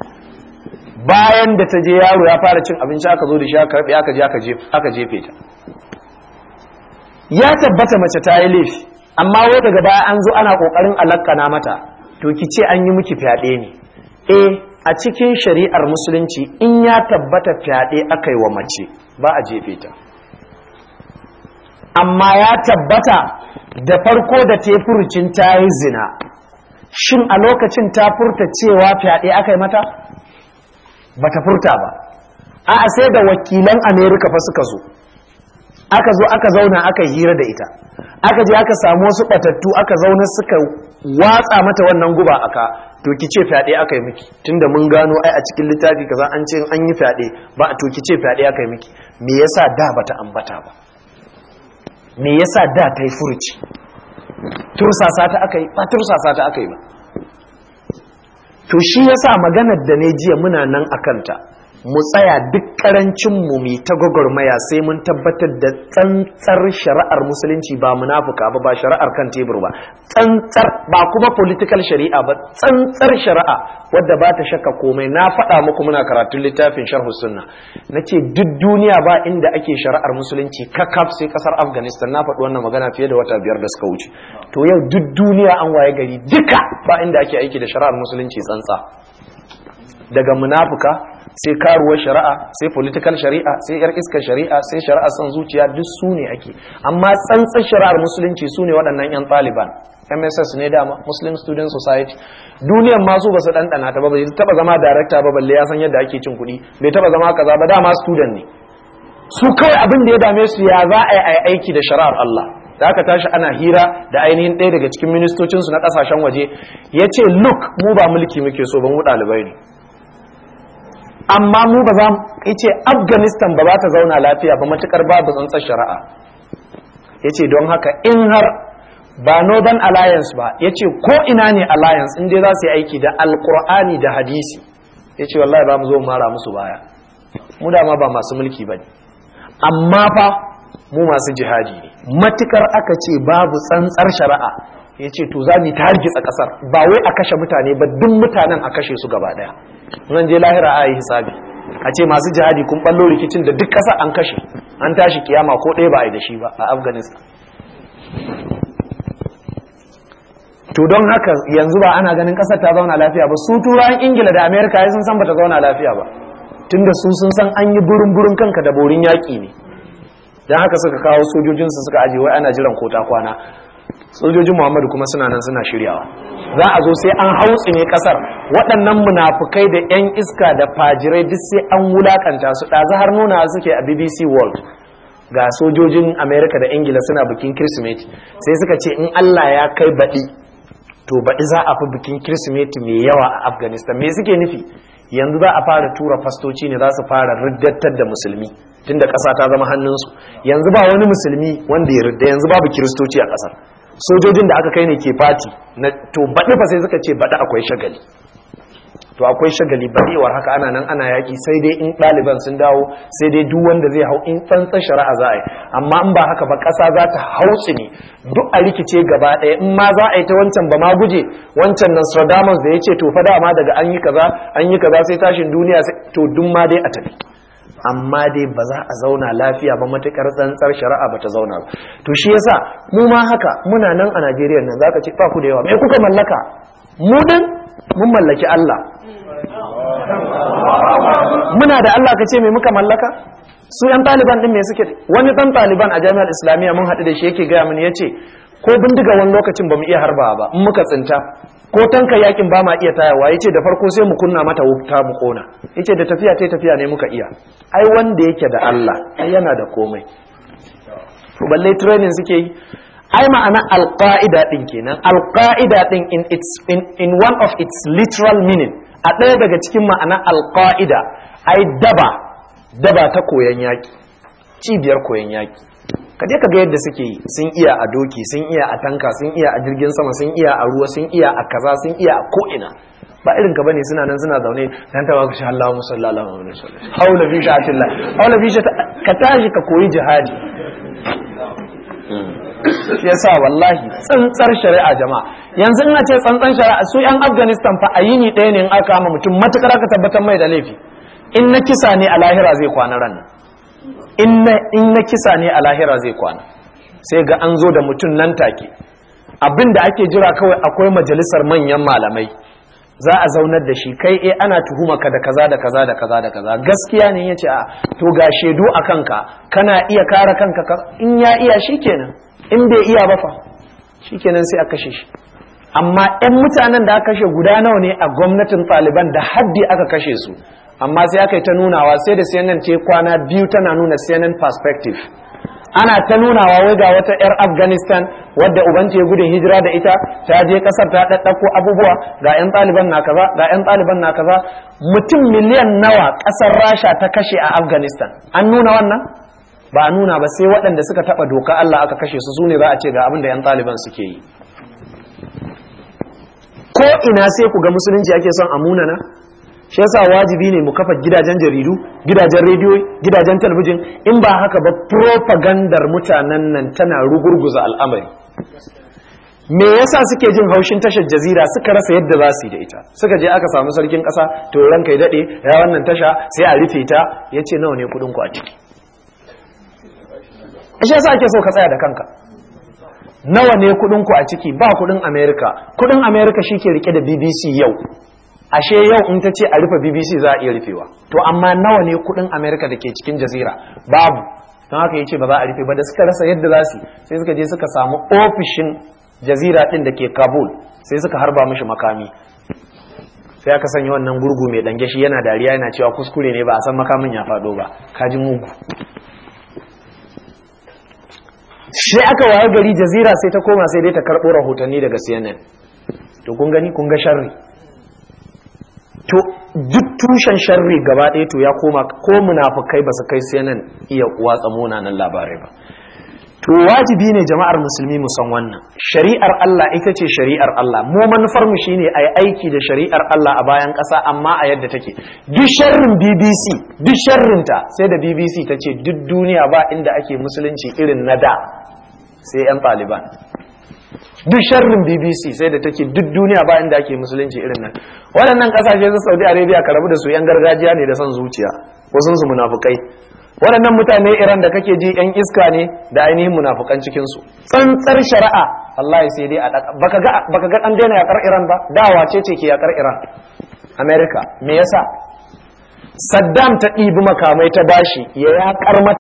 bayan da ta je yaro ya fara cin abinci aka zo da shi aka rabe aka jefe ta ya tabbata mace ta yi laifi amma wai daga baya an zo ana ƙoƙarin alakkana mata to ki ce an yi miki fyaɗe ne eh a cikin shari'ar musulunci in ya tabbata fyaɗe aka yi wa mace ba a jefe ta amma ya tabbata da farko da ta ta yi zina shin a lokacin ta furta cewa fyaɗe aka yi mata ba ta furta ba a sai da wakilan amerika fa suka zo aka zo aka zauna aka hira da ita aka je aka samu wasu batattu aka zauna suka watsa mata wannan guba aka to ce fyaɗe aka yi miki tunda mun gano ai a cikin littafi kaza an ce an yi fyaɗe ba a to ce fyaɗe aka yi miki me yasa da bata ambata ba me yasa da ta yi furuci tursasa ta aka yi ba tursasa ta aka yi ba to shi yasa maganar da ne jiya muna nan a kanta mu tsaya duk karancin mu mai ta gwagwarmaya sai mun tabbatar da tsantsar shari'ar musulunci ba munafuka ba ba shari'ar kan tebur ba tsantsar ba kuma political shari'a ba tsantsar shari'a wadda ba ta shakka komai na faɗa muku muna karatun littafin sharhu sunna ce duk duniya ba inda ake shari'ar musulunci kakaf sai kasar afghanistan na faɗi wannan magana fiye da wata biyar da suka wuce to yau duk duniya an waye gari duka ba inda ake aiki da shari'ar musulunci tsantsa daga munafuka sai karuwar shari'a sai political shari'a sai yar iskar shari'a sai shari'a san zuciya duk su ne ake amma tsantsan shari'ar musulunci su ne waɗannan 'yan taliban mss ne dama muslim student society duniyar masu ba su ɗanɗana ta ba bai taɓa zama director ba balle ya san yadda ake cin kuɗi bai taɓa zama kaza ba dama student ne su kawai abin da ya dame su ya za a yi aiki da shari'ar allah da aka tashi ana hira da ainihin ɗaya daga cikin ministocinsu na ƙasashen waje ya ce look mu ba mulki muke so ba mu ɗalibai ne amma mu ba za mu ce afghanistan ba za ta zauna lafiya ba matukar babu tsantsar shari'a ya ce don haka in har ba northern alliance ba ya ce ko ina ne alliance in dai za su yi aiki da alkur'ani da hadisi ya ce wallahi ba mu zo mara musu baya mu dama ba masu mulki ba ne amma fa mu masu jihadi ne matukar aka ce babu tsantsar shari'a ya ce to za mu ta hargitsa kasar ba wai a kashe mutane ba duk mutanen a kashe su gaba ɗaya zan je lahira a yi hisabi a ce masu jihadi kun ballo rikicin da duk kasa an kashe an tashi kiyama ko ɗaya ba a yi da shi ba a afghanistan to don haka yanzu ba ana ganin ƙasar ta zauna lafiya ba su turawan ingila da amerika ya sun san ba ta zauna lafiya ba tunda su sun san an yi burin burin kanka da borin yaƙi ne don haka suka kawo sojojinsu suka ajiye wai ana jiran kota kwana sojojin muhammadu kuma suna nan suna shiryawa za a zo sai an hau ne kasar waɗannan munafukai da 'yan iska da fajirai duk sai an wulakanta su ɗazu har nuna suke a bbc world ga sojojin amerika da ingila suna bikin kirsimeti sai suka ce in allah ya kai baɗi to baɗi za a fi bikin kirsimeti mai yawa a afghanistan me suke nufi yanzu za a fara tura fastoci ne za su fara riddattar da musulmi tunda ƙasa ta zama hannunsu yanzu ba wani musulmi wanda ya ridda yanzu babu kiristoci a ƙasar sojojin da aka kai ne ke fati to baɗi fa sai suka ce baɗi akwai shagali to akwai shagali baɗewar haka ana nan ana yaƙi sai dai in ɗaliban sun dawo sai dai duk wanda zai hau in tsantsan shari'a za a yi amma in ba haka ba ƙasa za ta hau ne duk a rikice gaba ɗaya in ma za a yi ta wancan ba ma guje wancan nostradamus da ya ce to fa dama daga an yi kaza an sai tashin duniya to duk ma dai a tafi amma dai ba za a zauna lafiya ba matukar tsantsar shari'a ba ta zauna ba to shi yasa mu ma haka muna nan a Najeriya nan zaka ce ba ku da yawa me kuka mallaka mu din mun mallaki Allah muna da Allah ka ce me muka mallaka su yan taliban din me suke wani dan taliban a jami'ar islamiyya mun haɗu da shi yake gaya mun yace ko bindiga wani lokacin ba mu iya harba ba in muka tsinta ko tanka yakin ba ma iya tayawa yace da farko sai mu kunna mata wuta mu kona yace da tafiya tai tafiya ne muka iya ai wanda yake da Allah ai yana da komai to balle training suke yi ai ma'ana alqaida din kenan alqaida din in its in, in one of its literal meaning a ɗaya daga cikin ma'ana alqaida ai daba daba ta koyan yaki cibiyar koyan yaki ka je ka ga yadda suke yi sun iya a doki sun iya a tanka sun iya a jirgin sama sun iya a ruwa sun iya a kaza sun iya a ko'ina ba irin ka bane suna nan suna zaune Dan ta ba baka shi Allahu sallallahu alaihi wasallam haula fi sha'atillah haula fi ka tashi ka koyi jihadi hmm. yasa wallahi tsantsar shari'a jama'a yanzu ina ce tsantsan shari'a su yan Afghanistan fa ayini ɗaya ne in aka mutum matukar aka tabbatar mai da laifi in na kisa ne a lahira zai kwana ran in na kisa ne a lahira zai kwana sai ga an zo da mutum nan take abin da ake jira kawai akwai majalisar manyan malamai za a zaunar da shi kai eh ana tuhuma ka da kaza da kaza da kaza da kaza gaskiya ne yace a to ga shedu a kanka kana iya kare kanka in ya iya shikenan in bai iya ba fa shikenan sai a kashe shi amma 'yan mutanen da aka kashe guda nawa ne a gwamnatin ɗaliban da haddi aka kashe su amma sai aka yi ta nunawa sai da CNN ce kwana biyu tana nuna CNN perspective ana ta nunawa wai ga wata 'yar afghanistan wadda ubanci ya gudun hijira da ita ta je kasar ta ɗaɗɗako abubuwa ga 'yan ɗaliban na kaza ga 'yan ɗaliban na kaza mutum miliyan nawa ƙasar rasha ta kashe a afghanistan an nuna wannan ba nuna ba sai waɗanda suka taɓa doka allah aka kashe su su ne za a ce ga abin da 'yan ɗaliban suke yi ko ina sai ku ga musulunci ake son a munana shi yasa wajibi ne mu kafa gidajen jaridu gidajen rediyo gidajen talabijin in ba haka ba propagandar mutanen nan tana rugurguza al'amari me yasa suke jin haushin tashar jazira suka rasa yadda za su yi da ita suka je aka samu sarkin kasa to ranka ya dade ya wannan tasha sai a rufe ta yace nawa ne kudin ku a ciki shi yasa ake so ka tsaya da kanka nawa ne kudin ku a ciki ba kudin america kudin america ke rike da bbc yau ashe yau in ta ce a rufe bbc za a iya rufewa to amma nawa ne kudin america da ke cikin jazira babu don haka ya ce ba za a rufe ba da suka rasa yadda za su sai suka je suka samu ofishin jazira din da ke kabul sai suka harba mishi makami sai aka sanya wannan gurgu mai dange shi yana dariya yana cewa kuskure ne ba a san makamin ya faɗo ba kaji mugu sai aka waye gari jazira sai ta koma sai dai ta karɓo rahotanni daga cnn to kun gani kun ga sharri to duk tushen sharri gaba ɗaya to ya koma ko munafukai ba su kai sai nan iya watsa munanan labarai ba to wajibi ne jama'ar musulmi mu san wannan shari'ar Allah ita ce shari'ar Allah mu manufar mu shine ayi aiki da shari'ar Allah a bayan ƙasa amma a yadda take duk sharrin BBC duk sharrin ta sai da BBC ta ce duk duniya ba inda ake musulunci irin na da sai 'yan ɗaliban duk sharrin BBC sai da take duk duniya ba da ake musulunci irin nan waɗannan kasashe su Saudi Arabia ka rabu da su yan gargajiya ne da son zuciya wasu su munafukai waɗannan mutane Iran da kake ji yan iska ne da ainihin munafukan cikin su tsantsar shari'a wallahi sai dai a baka ga baka ga ɗan daina yakar Iran ba da wace ce ke yakar Iran America me yasa Saddam ta ɗibi makamai ta bashi ya yakar